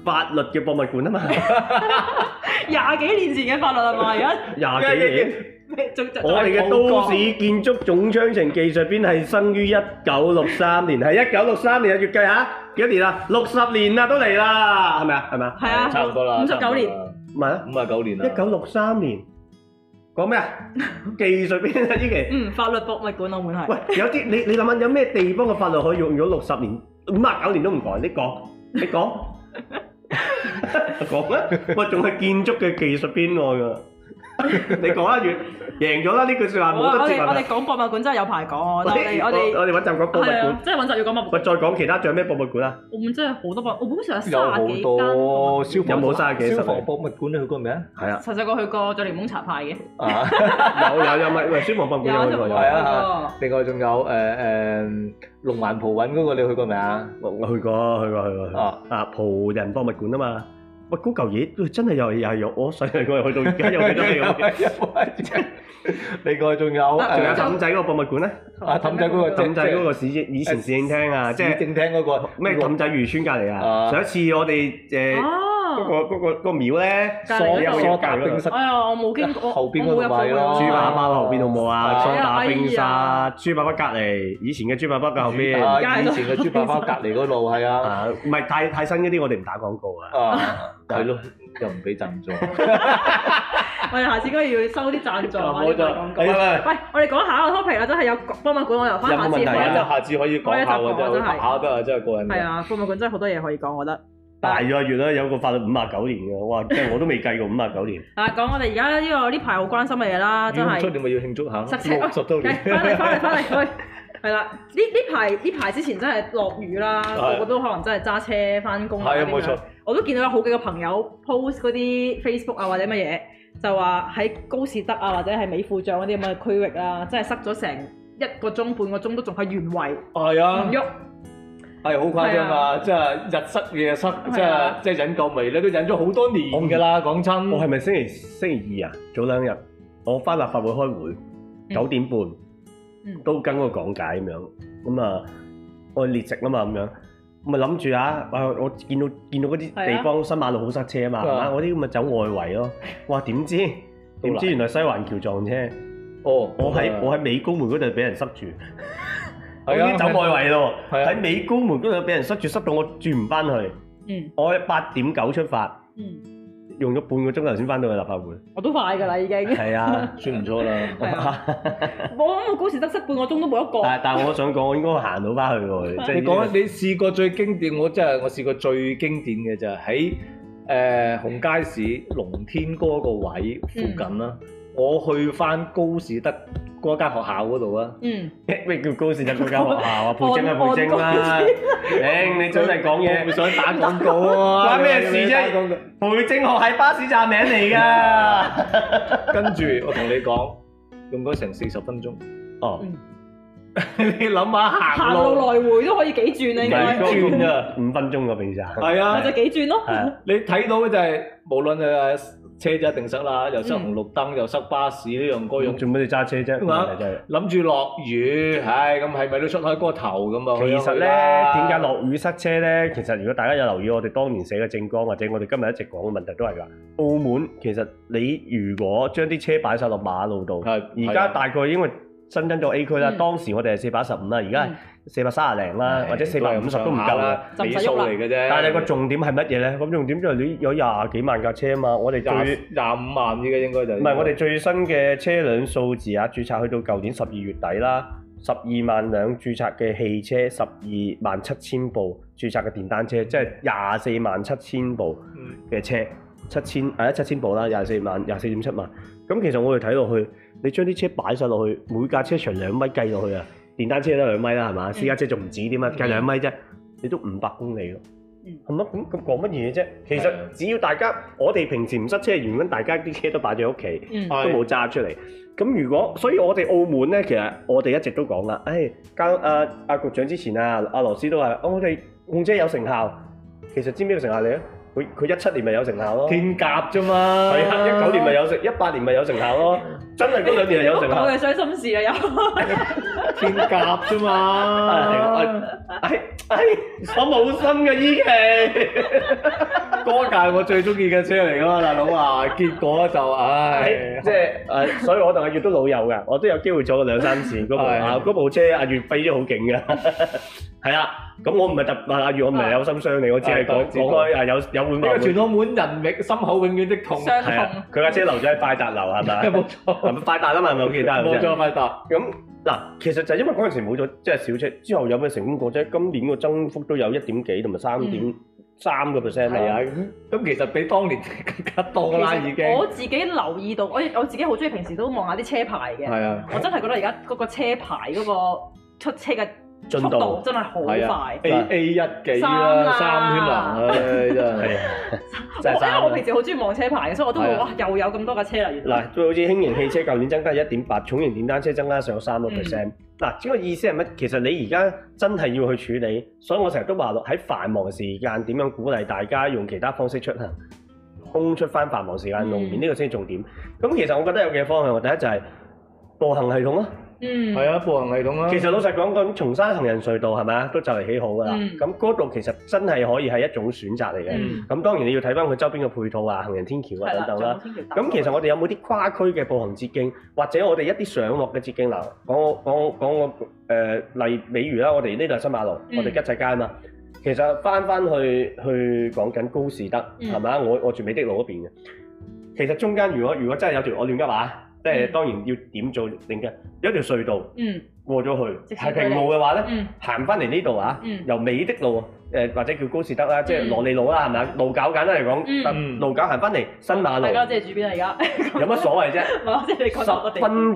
法律嘅博物館啊嘛。廿 (laughs) 幾 (laughs) 年前嘅法律啊嘛，而家廿幾年。我哋嘅都市建築總章程技術編係生於一九六三年，係一九六三年啊，要計吓，幾多年啊？六十年啦，都嚟啦，係咪啊？係咪啊？係啊，差唔多啦，五十九年。唔係啊，五啊九年啊，一九六三年。講咩啊？技術編啊，依期。嗯，法律博物館啊，會係。喂，有啲你你諗下，有咩地方嘅法律可以用咗六十年、五啊九年都唔改？你講，你講，講啦。喂，仲係建築嘅技術編外噶。你講一完，贏咗啦！呢句説話冇得接啦。我哋我哋講博物館真係有排講，我哋我哋我哋揾陣講博物館，即係揾陣要講博物館。再講其他仲有咩博物館啊？澳門真係好多博物館，有冇卅幾嘅？消防博物館，你去過未啊？係啊。細細個去過，就檸檬茶派嘅。有有有咪？消防博物館有去過，係啊。另外仲有誒誒龍環葡韻嗰個，你去過未啊？我去過，去過，去過，去過。啊，葡人博物館啊嘛。喂，嗰嚿嘢真係又又係有，我上日嗰日去到而家又幾多嘢？你個仲有？仲有氹仔嗰個博物館咧？啊，氹仔嗰個，仔嗰、嗰個、市、uh, 以前市政廳啊，市政廳嗰、嗰個咩？氹仔漁村隔離啊！Uh, 上一次我哋誒。嗰個嗰個廟咧，隔籬隔冰室，哎呀，我冇經過，我冇入過嘅。朱爸爸後邊有冇啊？再打冰沙，朱爸爸隔離，以前嘅朱爸爸嘅後面，以前嘅朱爸爸隔離嗰路係啊，唔係太太新嗰啲，我哋唔打廣告啊，係咯，又唔俾贊助。我哋下次都要收啲贊助，唔好再講講。喂，我哋講下 topic 啊，真係有博物館，我又翻下次，真係下次可以講下，真係講下真係真係個人。啊，博物館真係好多嘢可以講，我覺得。大個月啦，有個法到五十九年嘅，哇！即係我都未計過五十九年。 (laughs) 啊，講我哋而家呢個呢排好關心嘅嘢啦，真係。慶祝你咪要慶祝下。塞車四十多。翻嚟翻嚟翻嚟去。係啦，呢呢排呢排之前真係落雨啦，個個 (laughs) 都可能真係揸車翻工。係啊的，冇樣錯。我都見到有好幾個朋友 post 嗰啲 Facebook 啊或者乜嘢，就話喺高士德啊或者係美副將嗰啲咁嘅區域啊，真係塞咗成一個鐘半個鐘都仲係原位，係啊， (laughs) 唔喐。係好誇張啊！即係日塞夜塞，即係即係忍夠未咧？都忍咗好多年，紅嘅啦，講真。我係咪星期星期二啊？早兩日，我翻立法會開會，九點半，都跟我講解咁樣。咁啊，我列席啊嘛，咁樣咁啊諗住啊，誒，我見到見到嗰啲地方新馬路好塞車啊嘛，係嘛？我啲咁咪走外圍咯。哇！點知點知？原來西環橋撞車。哦，我喺我喺美高梅嗰度俾人塞住。我已經走外圍咯，喺美宮門嗰度俾人塞住，塞到我轉唔翻去。我八點九出發，用咗半個鐘頭先翻到去立法會。我都快噶啦，已經。係啊，算唔錯啦。我諗我高士德塞半個鐘都冇一個。但係我想講，我應該行到翻去喎。你講，你試過最經典，我真係我試過最經典嘅就係喺誒紅街市龍天哥個位附近啦。我去翻高士德。嗰間學校嗰度啊，咩叫高士站？嗰間學校啊，培正啊，培正啦，頂你真係講嘢，想打廣告啊？關咩事啫？培正學係巴士站名嚟㗎。跟住我同你講，用咗成四十分鐘。哦，你諗下行路來回都可以幾轉啊？幾轉啫？五分鐘㗎，平時啊。係啊，就幾轉咯。你睇到就係無論係。車就一定塞啦，又塞紅綠燈，嗯、又塞巴士呢樣嗰樣，做乜嘢揸車啫？諗住落雨，唉、嗯，咁係咪都出開個頭咁啊？其實呢，點解落雨塞車呢？其實如果大家有留意我哋當年寫嘅政綱，或者我哋今日一直講嘅問題都係噶。澳門其實你如果將啲車擺晒落馬路度，而家是大概因為。新增咗 A 區啦，嗯、當時我哋係四百一十五啦，而家係四百卅零啦，的或者四百五十都唔夠啦，尾數嚟嘅啫。但係個重點係乜嘢咧？咁重點就係你有廿幾萬架車啊嘛，我哋最廿五萬呢個應該就唔係不我哋最新嘅車輛數字啊，註冊到去到舊年十二月底啦，十二萬輛註冊嘅汽車，十二萬七千部註冊嘅電單車，即係廿四萬七千部嘅車。嗯嗯七千誒，七千部啦，廿四萬，廿四點七萬。咁其實我哋睇落去，你將啲車擺曬落去，每架車長兩米計落去啊，電單車都兩米啦，係嘛？是的 私家車仲唔止啲嘛？計兩米啫，你都五百公里咯，係嘛？咁咁講乜嘢啫？其實只要大家我哋平時唔塞車，原因大家啲車都擺咗屋企，是的 都冇揸出嚟。咁如果，所以我哋澳門咧，其實我哋一直都講啦，誒、哎，交阿阿局長之前啊，阿羅司都話，我哋控車有成效。其實知唔知有成效你。」啊？佢佢一七年咪有成效咯，天鴿啫嘛， (laughs) 係啊，一九年咪有成，一八年咪有成效咯。真係嗰兩年係有成啊！我又傷心事啊，有天甲鴿啫嘛！我冇心嘅依期，嗰架我最中意嘅車嚟噶嘛，大佬啊！結果就唉，即係誒，所以我同阿月都老友嘅，我都有機會坐過兩三次嗰部啊，部車阿月飛咗好勁嘅，係啦。咁我唔係特阿月，我唔係有心傷你，我只係講講開啊，有有碗滿。全澳門人心口永遠的痛。傷痛。佢架車留咗喺拜達樓係咪啊？冇錯。係咪快達啊？咪係我記得係咪，冇咗快達咁嗱，其實就因為嗰陣時冇咗，即係小車之後有咩成功過啫？今年個增幅都有一點幾同埋三點三個 percent 係啊！咁、嗯、其實比當年更加多啦，已經我自己留意到，我我自己好中意平時都望下啲車牌嘅，啊、我真係覺得而家嗰個車牌嗰個出車嘅。速度真係好快的，A A 一幾啦，三，了三圈啦，啊！ (laughs) 就係因為我平時好中意望車牌嘅，所以我都會哇又有咁多架車啦。嗱，就好似輕型汽車，舊年增加咗一點八，重型電單車增加上三多 percent。嗱，咁嘅、嗯啊這個、意思係乜？其實你而家真係要去處理，所以我成日都話喺繁忙時間點樣鼓勵大家用其他方式出行，空出翻繁忙時間路面呢個先係重點。咁其實我覺得有幾個方向，第一就係、是、步行系統啦、啊。嗯，係啊，步行系統啊。其實老實講，咁松山行人隧道係咪啊？都就嚟起好噶啦。咁嗰度其實真係可以係一種選擇嚟嘅。咁、嗯、當然你要睇翻佢周邊嘅配套啊，行人天橋啊等等啦。咁其實我哋有冇啲跨區嘅步行捷徑，或者我哋一啲上落嘅捷徑樓？講我講講我誒、呃，例比如啦，我哋呢度係新馬路，嗯、我哋桔仔街啊嘛。其實翻翻去去講緊高士德係咪啊？嗯、我我住美的路嗰邊嘅。其實中間如果如果真係有條，我亂嘅話。啊即係當然要點做定嘅，有條隧道過咗去，係平路嘅話咧，行翻嚟呢度啊，由美的路誒或者叫高士德啦，即係羅利路啦，係咪啊？路滘簡單嚟講，路滘行翻嚟新馬路，而家即係住邊啊？而家有乜所謂啫？唔係，即係你講十個地，十分鐘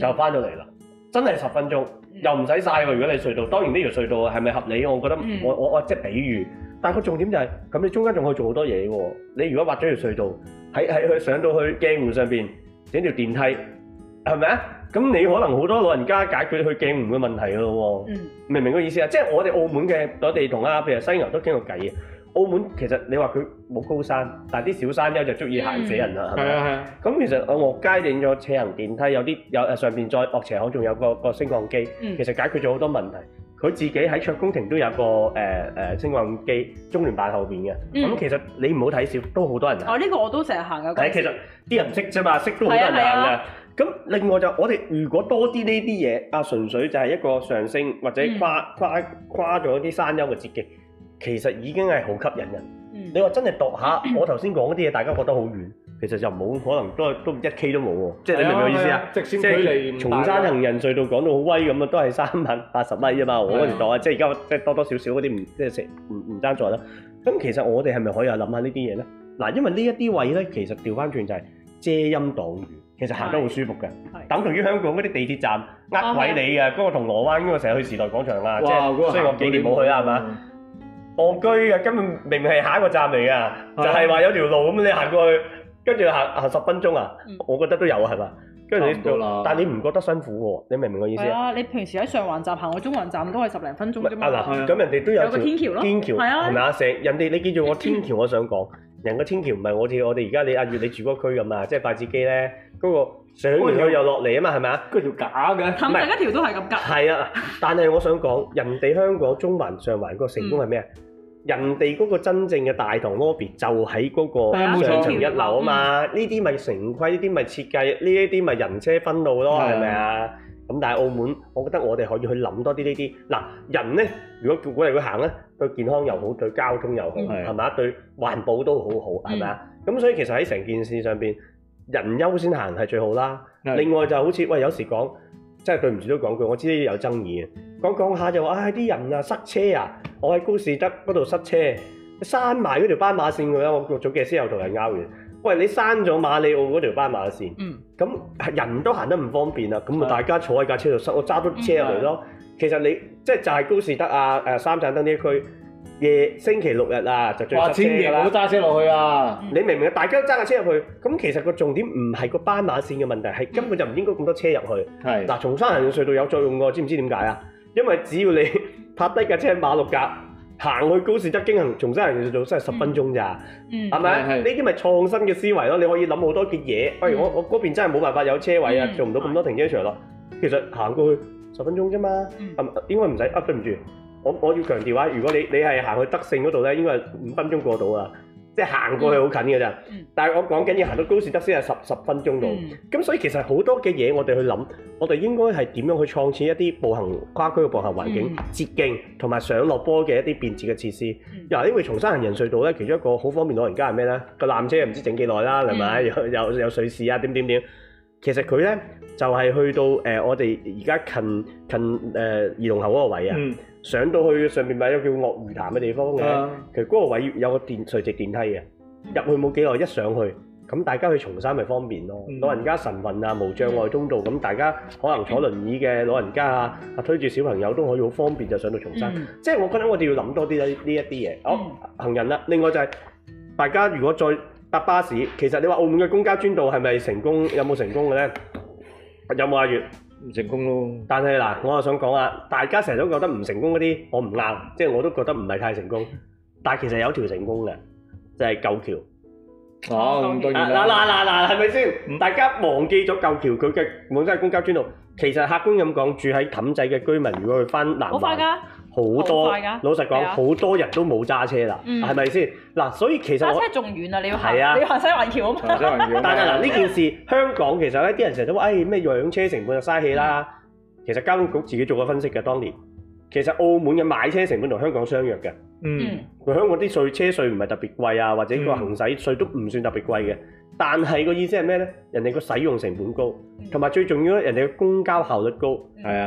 就翻咗嚟啦，真係十分鐘，又唔使曬喎。如果你隧道，當然呢條隧道係咪合理？我覺得我我我即係比喻，但係個重點就係咁，你中間仲可以做好多嘢嘅喎。你如果挖咗條隧道，喺喺佢上到去鏡湖上邊。整條電梯係咪啊？咁你可能好多老人家解決佢鏡唔嘅問題咯喎。明唔明個意思啊？即係我哋澳門嘅，我哋同阿，譬如西牛都傾過偈嘅。澳門其實你話佢冇高山，但係啲小山丘就足以行死人啦。係啊係。咁其實我落街整咗斜行電梯，有啲有誒上邊再落斜巷，仲有個個升降機，其實解決咗好多問題。佢自己喺卓公亭都有個誒誒升降機，中聯辦後邊嘅。咁、嗯、其實你唔好睇少，都好多人嚟。哦，呢、呢個我都成日行嘅。係，其實啲人識啫嘛，嗯、識都好多人行㗎。咁、嗯、另外就我哋如果多啲呢啲嘢，啊，純粹就係一個上升或者跨跨跨咗啲山丘嘅捷徑，其實已經係好吸引人。嗯、你話真係踱下，嗯、我頭先講嗰啲嘢，大家覺得好遠。其實就冇可能，都都一 K 都冇喎。即係你明唔明我意思啊？即係，即係，鬆山行人隧道講到好威咁啊，都係三百八十米咋嘛。我嗰時代啊，即係而家即係多多少少嗰啲唔即係食唔唔爭在啦。咁其實我哋係咪可以諗下呢啲嘢咧？嗱，因為呢一啲位咧，其實調翻轉就係遮陰擋雨，其實行得好舒服嘅。等同於香港嗰啲地鐵站呃鬼你嘅，嗰個銅鑼灣嗰個成日去時代廣場啦，即係所以我幾年冇去啦，係嘛？蝸居啊，根本明明係下一個站嚟嘅，就係話有條路咁你行過去。跟住行行十分鐘啊，我覺得都有啊，係嘛？跟住你，但係你唔覺得辛苦喎？你明唔明我意思？啊，你平時喺上環站行去中環站都係十零分鐘啫嘛。咁人哋都有個天橋咯，係啊。係咪？石，人哋你見住我天橋，我想講，人個天橋唔係我哋我哋而家你阿月你住嗰區咁啊，即係筷子基咧嗰個上去又落嚟啊嘛，係咪啊？嗰條假嘅，唔係一條都係咁夾。係啊，但係我想講，人哋香港中環上環個成功係咩啊？人哋嗰個真正嘅大堂 lobby 就喺嗰個上層一樓啊嘛，呢啲咪城規，呢啲咪設計，呢一啲咪人車分路咯，係咪啊？咁吧但係澳門，我覺得我哋可以去諗多啲呢啲。嗱人咧，如果叫我哋去行咧，對健康又好，對交通又好，係嘛、嗯？對環保都好好，係咪啊？咁、嗯、所以其實喺成件事上邊，人優先行係最好啦。嗯、另外就係好似喂，有時講。真係對唔住都講句，我知呢啲有爭議啊！講講下就話，唉、哎、啲人啊塞車啊，我喺高士德嗰度塞車，閂埋嗰條斑馬線㗎，我早幾日先有同人拗嘅。喂，你閂咗馬里奧嗰條斑馬線，咁、嗯、人都行得唔方便啦，咁咪大家坐喺架車度塞，我揸到車入嚟咯。其實你即係就係、是、高士德啊，誒三盞燈呢一區。夜星期六日啊，就最塞車啦！哇！千祈唔好揸車落去啊！你明唔明啊？大家都揸架車入去，咁其實個重點唔係個斑馬線嘅問題，係根本就唔應該咁多車入去。係嗱、嗯，松山行人隧道有作用嘅、啊，知唔知點解啊？因為只要你泊低架車喺馬六甲，行去高士德經行松山行人隧道真係十分鐘咋，係咪、嗯？呢啲咪創新嘅思維咯、啊？你可以諗好多嘅嘢。不、嗯、我我嗰邊真係冇辦法有車位啊，嗯、做唔到咁多停車場咯。嗯、其實行過去十分鐘啫嘛，嗯嗯、應該唔使噏對唔住。我我要強調啊，如果你你係行去德勝嗰度咧，應該係五分鐘過到啊，即係行過去好近嘅咋。但係我講緊要行到高士德先係十十分鐘度咁、嗯、所以其實好多嘅嘢，我哋去諗，我哋應該係點樣去創設一啲步行跨區嘅步行環境、嗯、捷徑同埋上落坡嘅一啲便捷嘅設施。嗱、啊，因為松山行人隧道咧，其中一個好方便老人家係咩咧？個纜車又唔知整幾耐啦，係咪、嗯、有有有瑞士啊？點點點？其實佢咧就係、是、去到誒、呃、我哋而家近近誒二龍喉嗰個位啊。嗯上到去上面咪有叫鱷魚潭嘅地方嘅，Yeah. 其實嗰個位有個電垂直電梯嘅，入去冇幾耐一上去，咁大家去松山咪方便咯。Mm hmm. 老人家神魂啊，無障礙通道，咁、mm hmm. 大家可能坐輪椅嘅老人家啊，推住小朋友都可以好方便就上到松山。Mm hmm. 即係我覺得我哋要諗多啲呢一啲嘢。好、oh, 行人啦，另外就係、是、大家如果再搭巴士，其實你話澳門嘅公交專道係咪成功，有冇成功嘅呢？有冇阿月？唔成功咯，但係嗱，我又想講啊，大家成日都覺得唔成功嗰啲，我唔啱，即係我都覺得唔係太成功。但係其實有條成功嘅，就係舊橋。哦，嗱嗱嗱嗱，係咪先？唔，大家忘記咗舊橋，佢嘅本身係公交專道，其實客觀咁講，住喺氹仔嘅居民，如果去翻南，好快噶。好多老實講，好多人都冇揸車啦，係咪先？嗱，所以其實揸車仲遠啊！你要行，你行西環橋啊嘛。但係嗱，呢件事香港其實咧，啲人成日都話，誒咩養車成本就嘥氣啦。其實交通局自己做過分析㗎，當年其實澳門嘅買車成本同香港相若嘅。嗯，佢香港啲稅車稅唔係特別貴啊，或者個行駛稅都唔算特別貴嘅。但係個意思係咩呢？人哋個使用成本高，同埋最重要咧，人哋嘅公交效率高。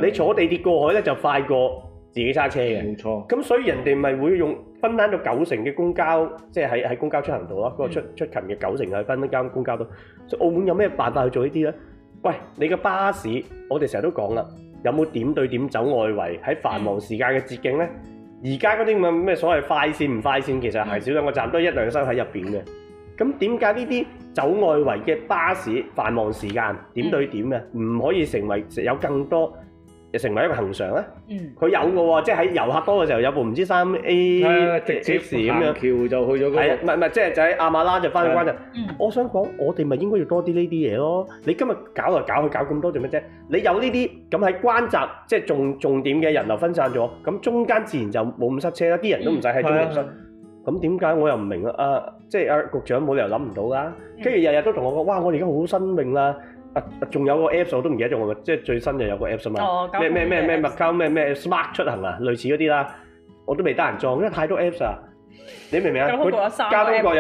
你坐地鐵過海呢，就快過。自己揸車嘅，冇錯。咁所以人哋咪會用分擔咗九成嘅公交，即係喺喺公交出行度咯。嗰、嗯、個出出勤嘅九成係分一間公交度。澳門有咩辦法去做呢啲咧？喂，你嘅巴士，我哋成日都講啦，有冇點對點走外圍喺繁忙時間嘅捷徑咧？而家嗰啲咁咩所謂快線唔快線，其實係少兩個站，都一兩三喺入邊嘅。咁點解呢啲走外圍嘅巴士繁忙時間點對點嘅，唔、嗯、可以成為有更多？成為一個恒常咧，佢有嘅喎，即係喺遊客多嘅時候有部唔知三 A，直接時咁樣橋就去咗嗰，唔係唔係，即係就喺亞馬拉就翻咗關閘。我想講，我哋咪應該要多啲呢啲嘢咯。你今日搞嚟搞去搞咁多做咩啫？你有呢啲咁喺關閘即係重重點嘅人流分散咗，咁中間自然就冇咁塞車啦。啲人都唔使喺度塞。咁點解我又唔明啊？即係啊，局長冇理由諗唔到㗎。跟住日日都同我講，哇！我哋而家好生猛啦。仲、啊、有個 Apps 我都唔記得咗，即係最新就有個 Apps 啊嘛、哦，咩咩咩咩麥卡咩咩 Smart 出行啊，類似嗰啲啦，我都未得閒裝，因為太多 Apps 啊。你明唔明啊？交通局有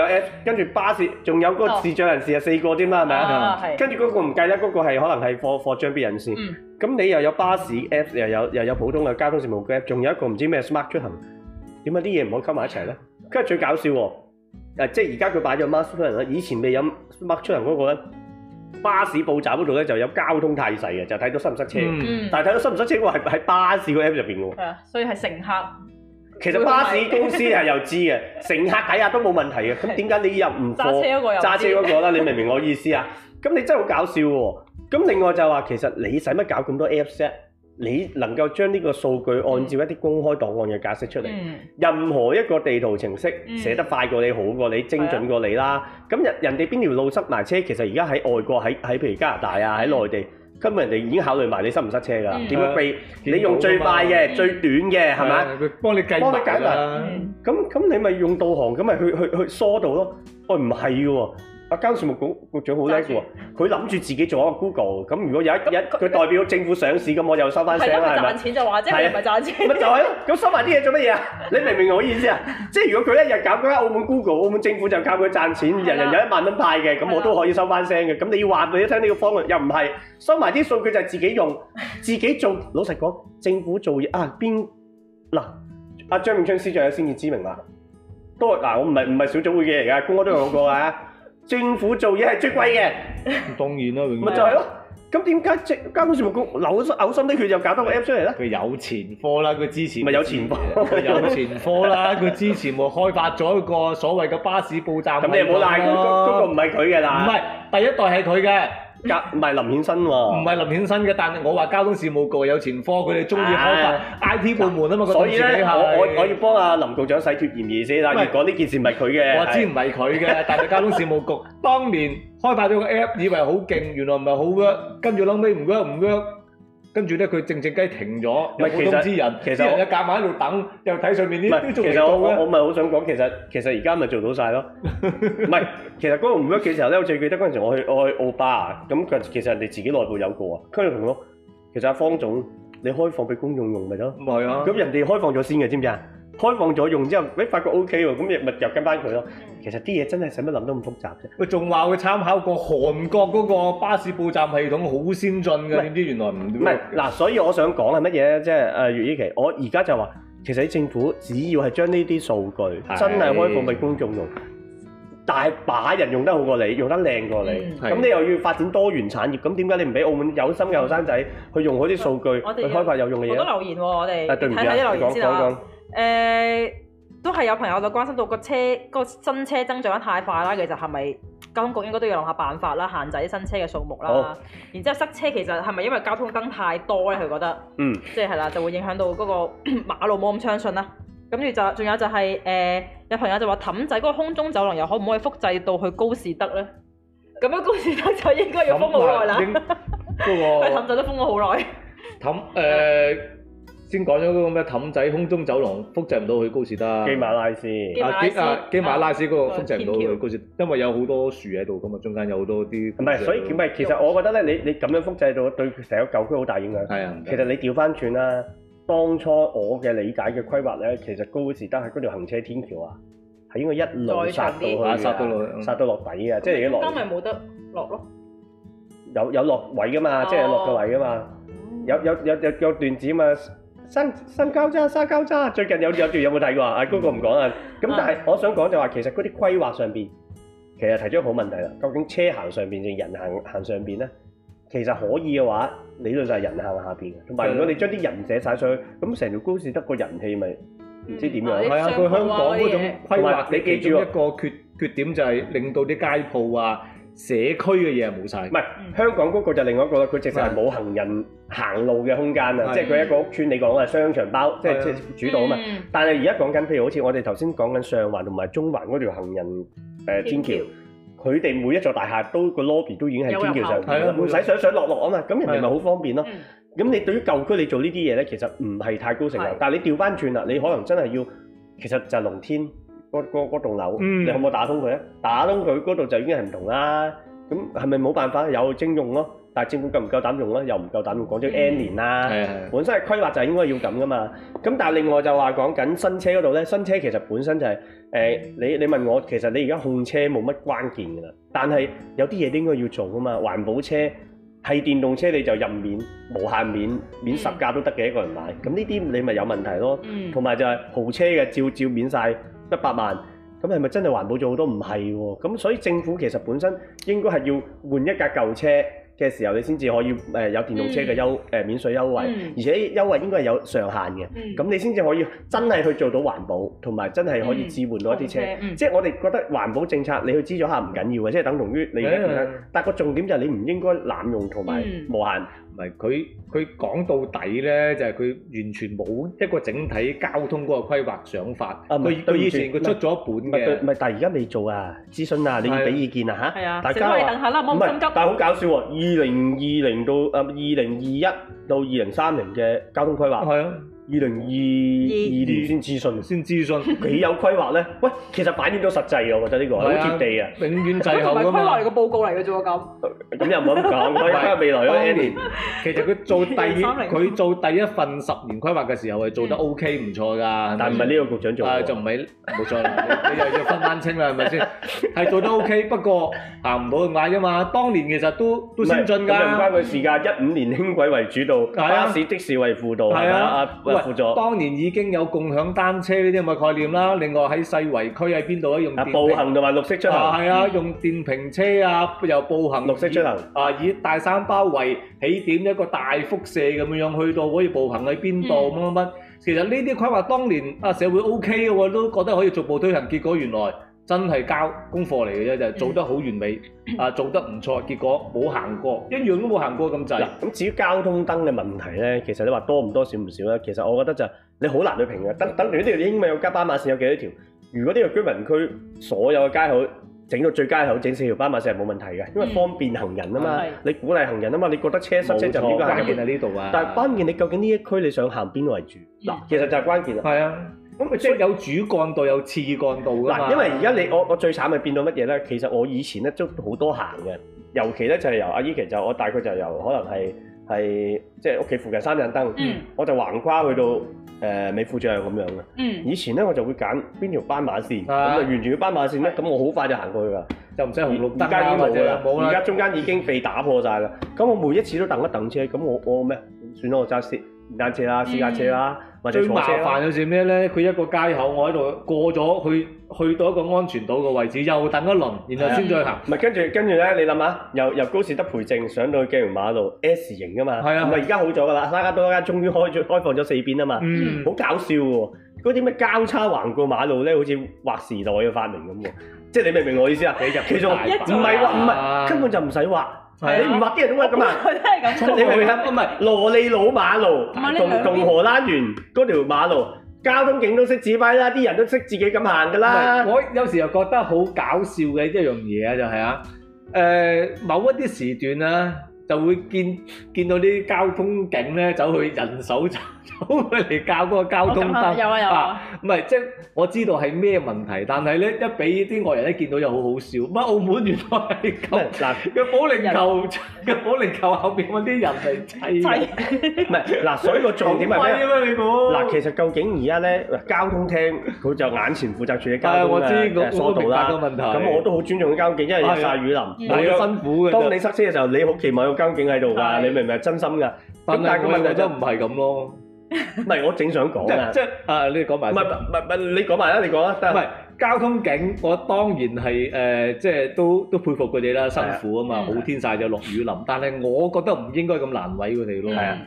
Apps，APP，跟住巴士仲有個市長人士啊四個添啦，係咪啊？跟住嗰個唔計咧，嗰個係可能係貨貨張人士。咁你又有巴士 Apps，嗯、又有又有，又有普通嘅交通事務 Apps，仲有一個唔知咩 Smart 出行，點解啲嘢唔可以溝埋一齊咧？跟住 (laughs) 最搞笑喎、啊，即係而家佢擺咗 Smart 出行啦，以前未有 Smart 出行嗰、那個咧。巴士報站嗰度咧就有交通態勢嘅，就睇到塞唔塞車。嗯，但係睇到塞唔塞車，我係喺巴士個 A P P 入邊嘅。所以係乘客。其實巴士公司係又知嘅， (laughs) 乘客睇下都冇問題嘅。咁點解你又唔？揸車嗰個揸車嗰個啦，你明唔明我意思 (laughs) 啊？咁你真係好搞笑喎！咁另外就話，其實你使乜搞咁多 A P P 啫？你能夠將呢個數據按照一啲公開檔案嘅格式出嚟，任何一個地圖程式寫得快過你好過你，精準過你啦。咁人人哋邊條路塞埋車，其實而家喺外國喺喺譬如加拿大啊，喺內地，根本人哋已經考慮埋你塞唔塞車㗎喇。點樣避？你用最快嘅、最短嘅係咪？幫你計埋啦。咁咁你咪用導航，咁咪去去去疏導咯。我唔係㗎喎。阿間事務局局長好叻嘅喎，佢諗住自己做一個 Google，咁如果有一日佢他代表政府上市咁，我又收翻聲啦，係啊，賺錢就話啫，係咪賺錢咪就係咯，咁收埋啲嘢做乜嘢啊？你明唔明我意思啊？即係如果佢一日搞間澳門 Google，澳門政府就靠佢賺錢，的人人有一萬蚊派嘅，咁我都可以收翻聲嘅。咁你要話俾我聽呢個方案又唔係收埋啲數據就係自己用，自己做。老實講，政府做嘢啊，邊嗱？阿、啊、張永春司長有先見之明啦。都嗱、啊，我唔係唔係小組會議嚟嘅，公開都有講過啊。 (laughs) 政府做嘢係最貴嘅，當然啦、啊，咪 (laughs) 就係咯、啊。咁點解即交通事務局嘔心瀝血，佢又搞多個 app 出嚟咧？佢有前科啦，佢之前，咪有前科，佢有前科啦，佢 (laughs) 之前和開發咗一個所謂嘅巴士報站。咁 (laughs) 你唔好賴佢，嗰、嗰個唔係佢嘅啦。唔係，第一代係佢嘅。唔係林衍新喎、啊，唔係林衍新嘅，但係我話交通事務局有前科，佢哋鍾意開發 I T 部門啊嘛，覺得自己係。所以是我我我要幫阿林局長洗脫嫌疑先啦。如果呢件事唔係佢嘅，我知唔係佢嘅，是但係交通事務局 (laughs) 當年開發咗個 app，以為好勁，原來唔係好 work，跟住後尾唔 work 唔 work。跟住咧，佢靜靜雞停咗，唔係普通之人，其實啲人夾埋喺度等，又睇上面啲，都仲未到咧。其實我我咪好想講，其實其實而家咪做到曬咯，唔係，其實嗰個唔得嘅時候咧，我最記得嗰陣時，我去我去澳巴啊，咁其實其實人哋自己內部有個啊，跟住同我講，其實阿方總，你開放俾公眾用咪得？唔係啊，咁人哋開放咗先嘅，知唔知啊？開放咗用之後，哎，發覺 O K 喎，咁物又跟返佢咯。其實啲嘢真係使乜諗得咁複雜啫。佢仲話佢參考過韓國嗰個巴士報站系統，好先進嘅，點知原來唔唔係嗱。所以我想講係乜嘢咧？即係誒，葉依琪，我而家就話，其實政府只要係將呢啲數據真係開放俾公眾用，大把人用得好過你，用得靚過你。咁你又要發展多元產業，咁點解你唔俾澳門有心嘅後生仔去用嗰啲數據去開發有用嘅嘢？好多留言喎，我哋睇睇留言先啦。誒、嗯，都係有朋友就關心到個車，個新車增長得太快啦。其實係咪交通局應該都要諗下辦法啦，限制啲新車嘅數目啦。哦、然之後塞車其實係咪因為交通燈太多咧？佢覺得，嗯，即係啦，就會影響到嗰、嗰個 (coughs) 馬路，冇咁暢順啦。咁跟住就仲有就係、係，誒、呃，有朋友就話氹仔嗰個空中走廊又可唔可以複製到去高士德咧？咁樣高士德就應該要封好耐啦。佢氹、呃、 (laughs) 仔都封咗好耐。氹誒、呃。呃先講咗嗰個咩氹仔空中走廊複製唔到去高士德，基馬拉斯啊，基啊基馬拉斯嗰個複製唔到去高士德，因為有好多樹喺度，噶嘛，中間有好多啲唔係，所以唔係，其實我覺得咧，你你咁樣複製到對成個舊區好大影響。係啊，其實你調翻轉啦，當初我嘅理解嘅規劃咧，其實高士德係嗰條行車天橋啊，係應該一路殺到去，殺到落，殺到落底啊，即係已經落。都咪冇得落咯？有有落位噶嘛？即係有落嘅位噶嘛？有有有有有段子啊嘛？新新膠渣，新交渣，最近有有條有冇睇過 (laughs) 啊？阿高哥唔講啊。咁但係我想講就話，其實嗰啲規劃上邊，其實提出好問題啦。究竟車行上邊定人行行上邊咧？其實可以嘅話，理論上係人行下邊嘅。同埋如果你將啲人寫晒上去，咁成 (laughs) 條高士德個人氣咪唔知點樣？係、嗯、啊，佢對香港嗰種規劃嘅其中一個缺缺點就係令到啲街鋪啊。社區嘅嘢冇晒，唔係香港嗰個就另外一個啦。佢直頭係冇行人行路嘅空間啊，即係佢一個屋村。你講嘅係商場包，即係主導啊嘛。但係而家講緊，譬如好似我哋頭先講緊上環同埋中環嗰條行人誒天橋，佢哋每一座大廈都個 lobby 都已經係天橋上，唔使上上落落啊嘛。咁人哋咪好方便咯。咁你對於舊區你做呢啲嘢呢，其實唔係太高成樓。但係你調翻轉啦，你可能真係要，其實就係農天。個個個棟樓，你可唔可以打通佢咧？打通佢嗰度就已經係唔同啦。咁係咪冇辦法有徵用咯？但係政府夠唔夠膽用咧？又唔夠膽用，講咗 N 年啦，本身嘅規劃就應該要咁噶嘛。咁但係另外就話講緊新車嗰度咧，新車其實本身就係誒你你，問我，其實你而家控車冇乜關鍵噶啦。但係有啲嘢應該要做噶嘛。環保車係電動車你就任免無限免免十架都得嘅一個人買，咁呢啲你咪有問題咯。同埋就係豪車嘅照照免曬，一百萬咁係咪真係環保咗好多？唔係喎，咁所以政府其實本身應該係要換一架舊車嘅時候，你先至可以誒有電動車嘅優誒、嗯、免稅優惠，嗯、而且優惠應該係有上限嘅，咁、嗯、你先至可以真係去做到環保，同埋真係可以置換到一啲車。嗯 okay。即係我哋覺得環保政策你去知咗下唔緊要嘅，即係等同於你。嗯、但個重點就係你唔應該濫用同埋無限。佢佢講到底咧，就係、是、佢完全冇一個整體交通嗰個規劃想法。佢佢、啊、佢以前佢但出咗一本嘅，唔係，但係而家未做啊！諮詢啊，你要俾意見啊嚇！係啊，大家你等下啦，唔好咁心急。但係好搞笑喎、啊！二零二零到誒二零二一到二零三零嘅交通規劃係啊。二零二二年先諮詢，先諮詢幾有規劃咧？喂，其實反映咗實際啊！我覺得呢個好貼地啊，永遠滯後噶嘛。唔係規劃個報告嚟嘅啫喎咁。咁又唔好咁講，規劃未來咯，Andy。其實佢做第二，佢做第一份十年規劃嘅時候係做得 OK，唔錯㗎。但係唔係呢個局長做啊？就唔係？冇錯啦，你又要分翻清啦，係咪先？係做得 OK，不過行唔到咁快啫嘛。當年其實都都先進㗎。咁又唔關佢事㗎，一五年輕軌為主導，巴士的士為輔導係咪啊？當年已經有共享單車呢啲咁嘅概念啦，另外喺細圍區喺邊度用步行同埋綠色出行，啊啊嗯、用電瓶車啊又步行綠色出行，啊、以大三巴為起點一個大輻射咁樣去到可以步行去邊度，其實呢啲規劃當年啊社會 O K 嘅我都覺得可以逐步推行，結果原來。真係交功課嚟嘅啫，就做得好完美，啊做得唔錯，結果冇行過，一樣都冇行過咁滯。咁至於交通燈嘅問題咧，其實你話多唔多、少唔少咧，其實我覺得就你好難去評嘅。等等，你呢條英文有加斑馬線有幾多條？如果呢個居民區所有嘅街口整到最街口，整，口整四條斑馬線係冇問題嘅，因為方便行人啊嘛，你鼓勵行人啊嘛，你覺得車塞車就應該行邊呢度啊？但係關鍵你究竟呢一區你想行邊為主嗱、嗯，其實就係關鍵啊。係啊。咁咪即係有主幹道，有次幹道噶嗱，因為而家你我我，最慘係變到乜嘢咧？其實我以前咧都好多行嘅，尤其咧就係由阿姨其就我大概就由可能係係即係屋企附近三盞燈，我就橫跨去到誒美副將咁樣嘅。以前咧我就會揀邊條斑馬線，咁啊完全嘅斑馬線咧，咁我好快就行過去㗎，就唔使行路。燈而家已經冇啦，而家中間已經被打破晒啦。咁我每一次都等一等車，咁我我咩？算啦，揸私私家車啦，私家車啦。最麻煩又是咩呢？佢一個街口，我喺度過咗去，去到一個安全島嘅位置，又等一輪，然後先再行。跟住跟住呢，你諗下，由高士德培正上到鏡湖馬路 S 型嘅嘛，唔係而家好咗嘅啦，間間都間間終於開咗開放咗四邊啊嘛，好、嗯、搞笑喎！嗰啲咩交叉橫過馬路咧，好似劃時代嘅發明咁喎， (laughs) 即你明唔明我意思啊？你入 (laughs) 其中不，唔係話根本就唔使劃。啊、你唔畫啲人都係咁啊！你唔係，唔係羅利老馬路，同同荷蘭園嗰條馬路，交通警都識指揮啦，啲人都識自己咁行噶啦。我有時又覺得好搞笑嘅一樣嘢就係、是、啊，誒、呃、某一啲時段咧、啊，就會見見到啲交通警咧走去人手 (laughs) 好，佢嚟教嗰個交通燈有啊！有啊，唔係即係我知道係咩問題，但係咧一俾啲外人一見到又好好笑。乜澳門原來係咁。嗱，個保齡球，個保齡球後邊揾啲人嚟砌，唔係嗱。所以個重點係咩？你嗱，其實究竟而家咧，交通廳佢就眼前負責處理交通嘅疏導啦。咁我都好尊重啲交警，因為日曬雨淋，好辛苦嘅。當你塞車嘅時候，你好期望有交警喺度㗎，你明唔明？真心㗎。咁但係個問題都唔係咁咯。唔係，我正想講，即係，即係，啊，你講埋，唔係，唔係，唔係，你講埋啦，你講啦，唔係交通警，我當然係，誒，即係都都佩服佢哋啦，辛苦啊嘛，好天曬就落雨淋，但係我覺得唔應該咁難為佢哋咯，係啊，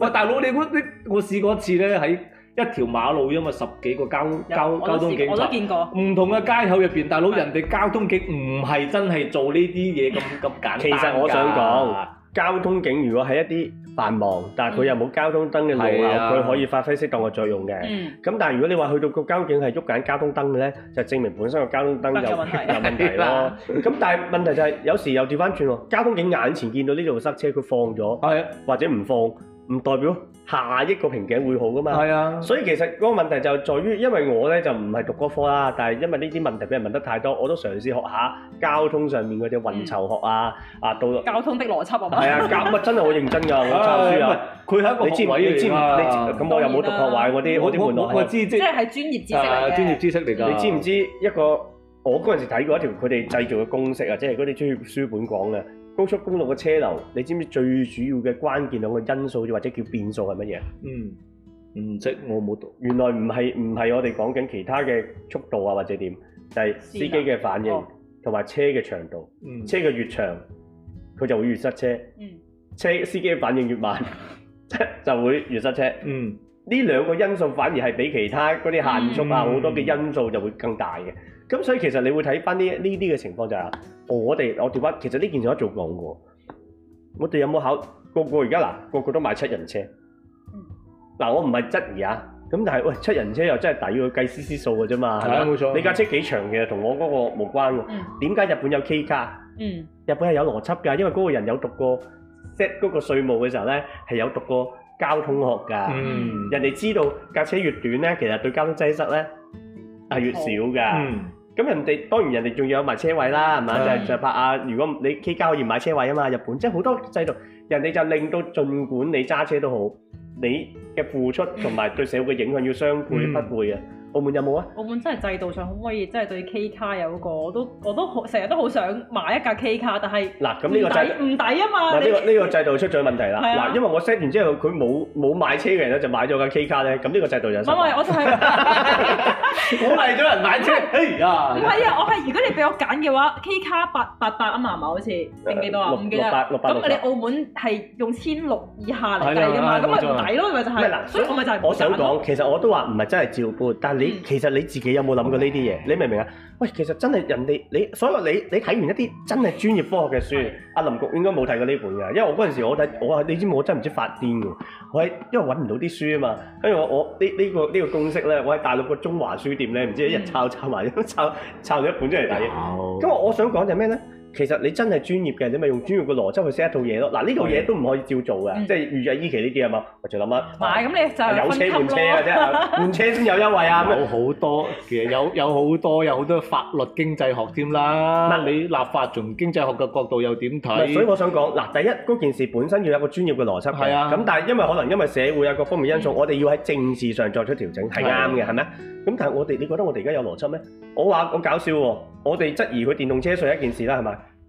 喂，大佬，你估你我試過一次咧，喺一條馬路，因為十幾個交交交通警，我都見過，唔同嘅街口入邊，大佬人哋交通警唔係真係做呢啲嘢咁咁簡單㗎。其實我想講。交通警如果喺一啲繁忙，但係佢又冇交通燈嘅路口，佢、嗯、可以發揮適當嘅作，作用嘅。咁、嗯、但係如果你話去到個交警係喐緊交通燈嘅咧，就證明本身個交通燈就有，有問題咯。咁 (laughs) 但係問題就係有時又調翻轉喎，交通警眼前見到呢度塞車，佢放咗，啊、或者唔放。唔代表下一個瓶頸會好噶嘛？係啊，所以其實個問題就在於，因為我咧就唔係讀嗰科啦，但係因為呢啲問題俾人問得太多，我都嘗試學下交通上面嗰隻運籌學啊，啊到交通的邏輯啊，係啊，咁啊真係好認真噶，我抄書啊，佢係一個你知唔知你知唔知？咁我又冇讀學壞嗰啲好似門檻，即係專業知識嚟嘅，專業知識嚟㗎。你知唔知一個我嗰陣時睇過一條佢哋製造嘅公式啊？即係嗰啲專業書本講嘅。高速公路嘅車流，你知唔知最主要嘅關鍵兩個因素，或者叫變數係乜嘢？嗯，唔識我冇讀。原來唔係唔係我哋講緊其他嘅速度啊，或者點，就係、係、司機嘅反應同埋車嘅長度。嗯、車嘅越長，佢就會越塞車。嗯，車司機反應越慢， (laughs) 就會越塞車。嗯，呢兩個因素反而係比其他嗰啲限速啊好、嗯、多嘅因素就會更大嘅。咁所以其實你會睇翻啲呢啲嘅情況就係，我哋我哋話其實呢件事都做講過，我哋有冇考個個而家嗱個個都買七人車，嗱我唔係質疑啊，咁但係喂七人車又真係抵佢計 cc 數嘅啫嘛，係咪？冇錯，你架車幾長嘅同我嗰個冇關喎，點解日本有 K 卡？嗯，日本係有邏輯㗎，因為嗰個人有讀過 set 嗰個稅務嘅時候咧，係有讀過交通學㗎，人哋知道架車越短咧，其實對交通擠塞咧係越少㗎。咁人哋當然人哋仲要有埋車位啦，係嘛的？就就怕啊，如果你 K 交易可以買車位啊嘛，日本即係好多制度，人哋就令到，儘管你揸車都好，你嘅付出同埋對社會嘅影響要相配不配啊、嗯！澳門有冇啊？澳門真係制度上可唔可以真係對 K 卡有嗰個？我都我都成日都好想買一架 K 卡，但係嗱咁呢個制唔抵啊嘛！呢個呢個制度出咗問題啦！嗱，因為我 set 完之後佢冇冇買車嘅人咧就買咗架 K 卡咧，咁呢個制度就我咪我係我鼓勵咗人買車，哎呀！唔係啊，我係如果你俾我揀嘅話，K 卡八八八啊嘛嘛，好似剩幾多啊？我唔記得咁你澳門係用千六以下嚟計嘅嘛，咁咪唔抵咯，咪就係。咪嗱，所以我咪就我想講，其實我都話唔係真係照搬，但你其實你自己有冇諗過呢啲嘢？Okay. 你明唔明啊？喂，其實真係人哋你，所以你你睇完一啲真係專業科學嘅書，阿的、啊、林局應該冇睇過呢本㗎，因為我嗰陣時我睇我係你知唔知我真係唔知發癲㗎，我喺因為揾唔到啲書啊嘛，跟住我我呢呢、呢個呢、呢個公式咧，我喺大陸個中華書店咧，唔知一日抄抄埋，抄抄咗一本出嚟睇。咁我、oh. 我想講就咩咧？其實你真係專業嘅，你咪用專業嘅邏輯去寫一套嘢咯。嗱，呢套嘢都唔可以照做嘅，即係預約依期呢啲係咪？我再諗下。買咁你就換車咯。有車換車嘅啫，換車先有優惠啊！有好多其實有有好多有好多法律經濟學添啦。乜你立法從經濟學嘅角度又點睇？所以我想講嗱，第一嗰件事本身要有一個專業嘅邏輯嘅，咁但係因為可能因為社會啊各方面因素，我哋要喺政治上作出調整係啱嘅，係咪？咁但係我哋你覺得我哋而家有邏輯咩？我話好搞笑喎，我哋質疑佢電動車稅一件事啦，係咪？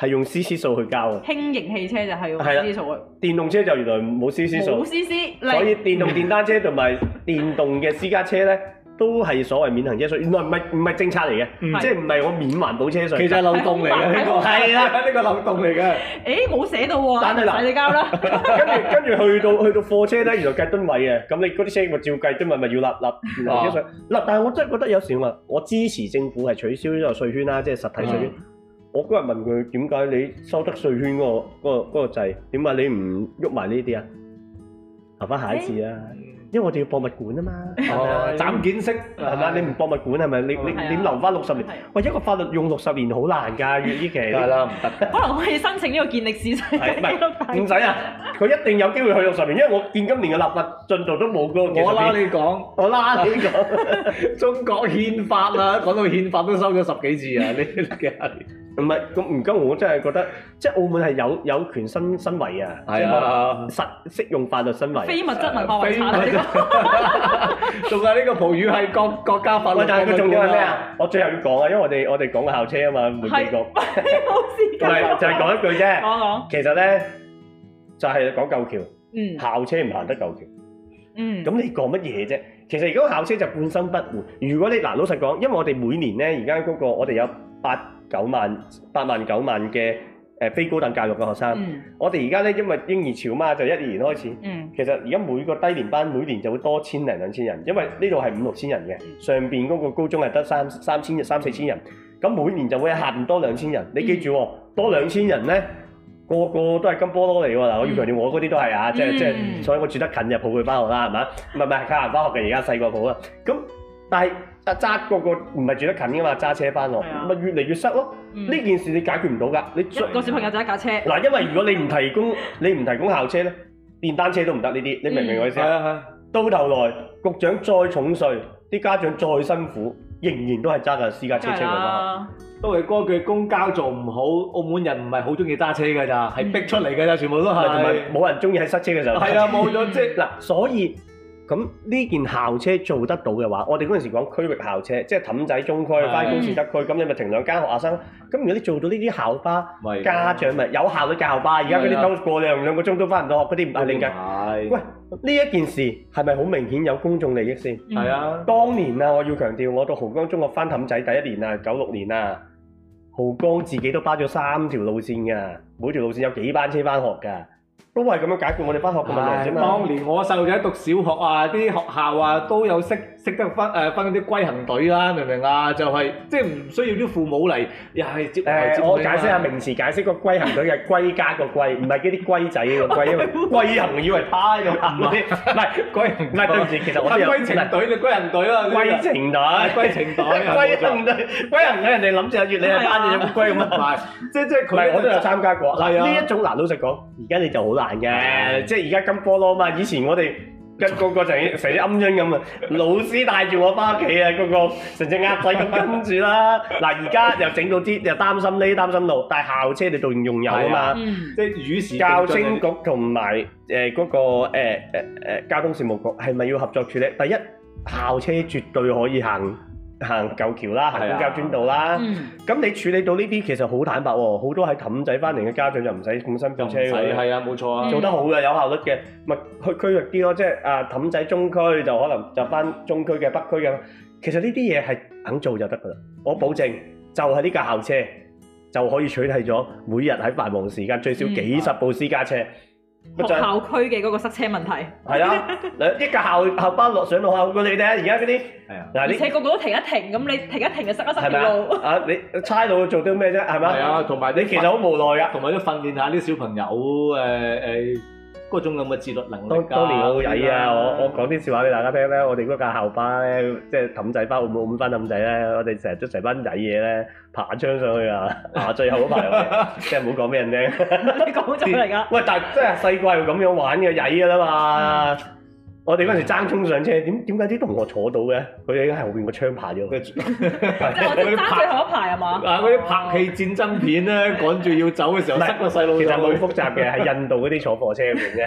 係用 C C 數去交啊，輕型汽車就係用 C C 數啊，電動車就原來冇 C C 數，冇 C C，所以電動電單車同埋電動嘅私家車咧，都係所謂免行車稅，原來唔係唔係政策嚟嘅，即係唔係我免環保車稅，其實係漏洞嚟嘅呢個，係啦呢個漏洞嚟嘅，誒冇寫到喎，但係嗱你交啦，跟住跟住去到去到貨車咧，原來計噸位嘅，咁你嗰啲車咪照計噸位咪要納納行車稅，嗱但係我真係覺得有時話我支持政府係取消呢個稅圈啦，即係實體稅圈。我嗰日問佢點解你收得碎圈嗰個嗰個嗰個掣，點解你唔喐埋呢啲啊？留翻下一次啦，因為我哋要博物館啊嘛。哦，斬件式係咪？你唔博物館係咪？你你你留翻六十年？喂，一個法律用六十年好難㗎，袁伊琪。係啦，唔得。可能可以申請呢個建力史冊。唔係，唔使啊！佢一定有機會去六十年，因為我見今年嘅立法進度都冇嗰。我拉你講，我拉你講。中國憲法啊，講到憲法都收咗十幾字啊！呢呢幾十年。唔係咁，唔該，我真係覺得，即係澳門係有有權身身為啊，係啊，實適用法律身為。非物質文化遺產。仲有呢個葡語係國國家法律。但係佢重點係咩啊？我最後要講啊，因為我哋我哋講校車啊嘛，換幾個。唔係，就係講一句啫。講講。其實咧，就係講舊橋。嗯。校車唔行得舊橋。嗯。咁你講乜嘢啫？其實如果校車就半生不活，如果你嗱老實講，因為我哋每年咧而家嗰個我哋有八，九萬八萬九萬嘅誒非高等教育嘅學生，我哋而家咧因為嬰兒潮嘛，就一年開始。其實而家每個低年班每年就會多千零兩千人，因為呢度係五六千人嘅，上邊嗰個高中係得三三千三四千人，咁每年就會差唔多兩千人。你記住，多兩千人咧，個個都係金菠蘿嚟㗎嗱。我要強調，我嗰啲都係啊，即係即係，所以我住得近就抱佢翻學啦，係嘛？唔係唔係，隔硬翻學嘅而家細個抱啊。咁但係。啊，揸個個唔係住得近噶嘛，揸車翻落，咪越嚟越塞咯。呢件事你解決唔到噶，你一個小朋友就一架車。嗱，因為如果你唔提供，你唔提供校車咧，電單車都唔得呢啲，你明唔明我意思啊？到頭來，局長再重稅，啲家長再辛苦，仍然都係揸架私家車出去。都係嗰句，公交做唔好，澳門人唔係好中意揸車㗎咋，係逼出嚟㗎咋，全部都係，冇人中意喺塞車嘅時候。係啊，冇咗即係嗱，所以。咁呢件校車做得到嘅話，我哋嗰陣時講區域校車，即係氹仔中區、高士德區，咁你咪停兩間學生。咁如果你做到呢啲校巴，的家長咪的有效嘅校巴。而家嗰啲都過兩兩兩個鐘都翻唔到學，嗰啲唔係令緊。的喂，呢一件事係咪好明顯有公眾利益先？係啊的，嗯、當年啊，我要強調，我到濠江中學翻氹仔第一年啊，九六年啊，濠江自己都包咗三條路線㗎，每條路線有幾班車翻學㗎。都係咁樣解決我哋返學嘅問題啫嘛。當年我細路仔讀小學啊，啲學校啊都有識。識得分誒分嗰啲龜行隊啦，明唔明啊？就係即係唔需要啲父母嚟，又係接嚟誒，我解釋下名詞，解釋個龜行隊嘅龜家個龜，唔係嗰啲龜仔個龜。龜行以為他就行啊？唔係，龜行唔係對唔住，其實我有。係龜情隊定龜人隊啊？龜情隊、龜情隊、龜行隊、龜行，人哋諗住係月你嘅班，有冇龜咁大？即即係佢，我都有參加過。係啊，呢一種難老實講，而家你就好難嘅，即係而家金菠蘿啊嘛！以前我哋。跟個個就只成隻鵪鶉咁啊！老師帶住我翻屋企啊！嗰個成隻鴨仔咁跟住啦。嗱，而家又整到啲，又擔心呢擔心路。但係校車你仲用油啊嘛？即係與時教青局同埋誒嗰個誒誒交通事務局係咪要合作處理？第一校車絕對可以行。行舊橋啦，行公交專道啦，咁的你處理到呢啲，其實好坦白喎、哦，好、嗯、多喺氹仔翻嚟嘅家長就唔使咁辛苦車嘅，係啊，冇錯啊，做得好嘅，有效率嘅，咪去、嗯、區域啲咯，即係啊氹仔中區就可能就翻中區嘅、嗯、北區嘅，其實呢啲嘢係肯做就得噶啦，我保證就係呢架校車就可以取締咗每日喺繁忙時間最少幾十部私家車。嗯嗯學校區嘅嗰個塞車問題，係啊，一架校校巴落上落下嗰啲咧，而家嗰啲，而且個個都停一停，咁你停一停就塞一塞路。啊，你差佬做啲咩啫？係咪？係啊，同埋你其實好無奈噶。同埋都訓練下啲小朋友，誒誒，嗰種咁嘅自律能力。當當年我曳啊，我我講啲笑話俾大家聽咧，我哋嗰架校巴咧，即係氹仔班會唔會揾翻氹仔咧？我哋成日即成班曳嘢咧。爬窗上去啊！爬最後嗰排，即係唔好講俾人聽。你講咗嚟噶。喂，但係即係細個係咁樣玩嘅，曳嘅啦嘛。我哋嗰陣時爭衝上車，點點解啲同學坐到嘅？佢哋係後邊個窗爬咗。即係我爭最後一排係嘛？嗱，嗰啲拍戲戰爭片咧，趕住要走嘅時候咧個細路。其實最複雜嘅係印度嗰啲坐火車咁啫。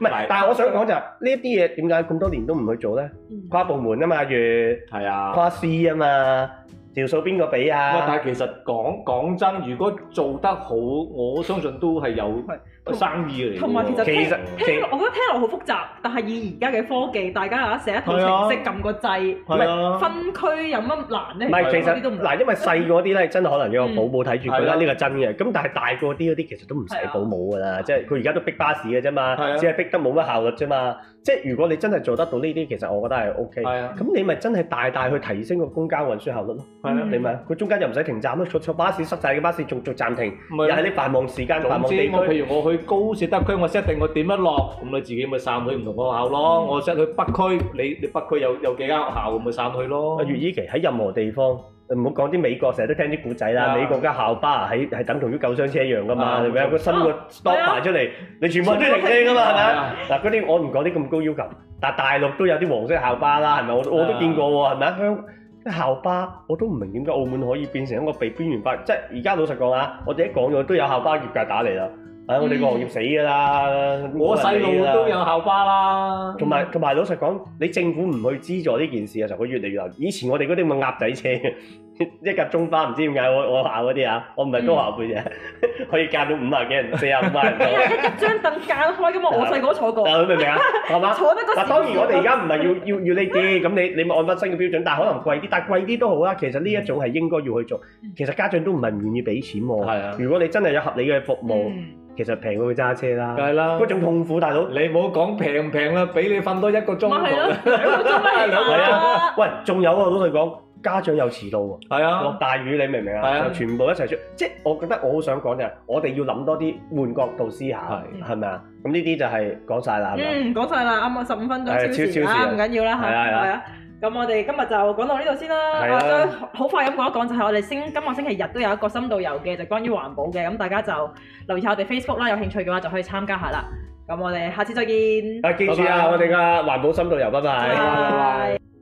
唔係，但係我想講就係呢一啲嘢點解咁多年都唔去做咧？跨部門啊嘛，越係啊，跨司啊嘛。條數邊個俾啊？但係其實講講真，如果做得好，我相信都係有生意嚟。同埋其實，其實，我覺得聽落好複雜。但係以而家嘅科技，大家啊寫一套程式，撳個掣，唔係分區有乜難咧？嗱，因為細嗰啲咧真可能有保姆睇住佢啦，呢個真嘅。咁但係大個啲嗰啲其實都唔使保姆㗎啦，即係佢而家都逼巴士嘅啫嘛，只係逼得冇乜效率啫嘛。即係如果你真係做得到呢啲，其實我覺得係 OK。咁你咪真係大大去提升個公交運輸效率咯。係啦，點啊？佢中間又唔使停站啦，坐坐巴士塞曬，個巴士仲續暫停，又係啲繁忙時間、繁忙地方。總之，我譬如我去高士德區，我設定我點樣落，咁你自己咪散去唔同嘅學校咯。我設去北區，你你北區有有幾間學校，咪散去咯。阿月依奇喺任何地方，唔好講啲美國成日都聽啲古仔啦。美國嘅校巴係係等同於救傷車一樣㗎嘛？係咪有個新個 stop 扮出嚟？你全部都停車㗎嘛？係咪？嗱，嗰啲我唔講啲咁高要求，但係大陸都有啲黃色校巴啦，係咪？我我都見過喎，係咪？香校巴，我都唔明點解澳門可以變成一個被邊緣化。即係而家老實講啊，我哋一講咗都有校巴業界打嚟啦。唉，我哋個行業死㗎啦！我細路都有校巴啦。同埋同埋，老實講，你政府唔去資助呢件事嘅時候，佢越嚟越難。以前我哋嗰啲咪鴨仔車，一架中巴，唔知點解我我下嗰啲啊，我唔係高校輩啫。可以間到五十幾人、四十五人。一張凳間開嘅嘛，我細個坐過。你明唔明啊？係嘛？坐得嗰，當然我哋而家唔係要要要呢啲，咁你你咪按翻新嘅標準，但係可能貴啲，但係貴啲都好啊。其實呢一種係應該要去做。其實家長都唔係唔願意俾錢喎。係啊，如果你真係有合理嘅服務。其實平佢揸車啦，梗係啦，嗰種痛苦大佬，你唔好講平唔平啦，俾你瞓多一個鐘係啦，一個鐘，喂，仲有啊，老實講，家長又遲到喎，係啊，落大雨你明唔明啊？係啊，全部一齊出，即係我覺得我好想講嘅係，我哋要諗多啲換角度思考，係咪啊？咁呢啲就係講晒啦，嗯，講晒啦，啱啱十五分鐘超時啦，唔緊要啦，係啊。咁我哋今日就講到呢度先啦，好快咁講一講，就係我哋星今個星期日都有一個深度遊嘅，就關於環保嘅，咁大家就留意下我哋 Facebook 啦，有興趣嘅話就可以參加下啦。咁我哋下次再見。啊，記住啊，拜拜我哋嘅環保深度遊，拜拜。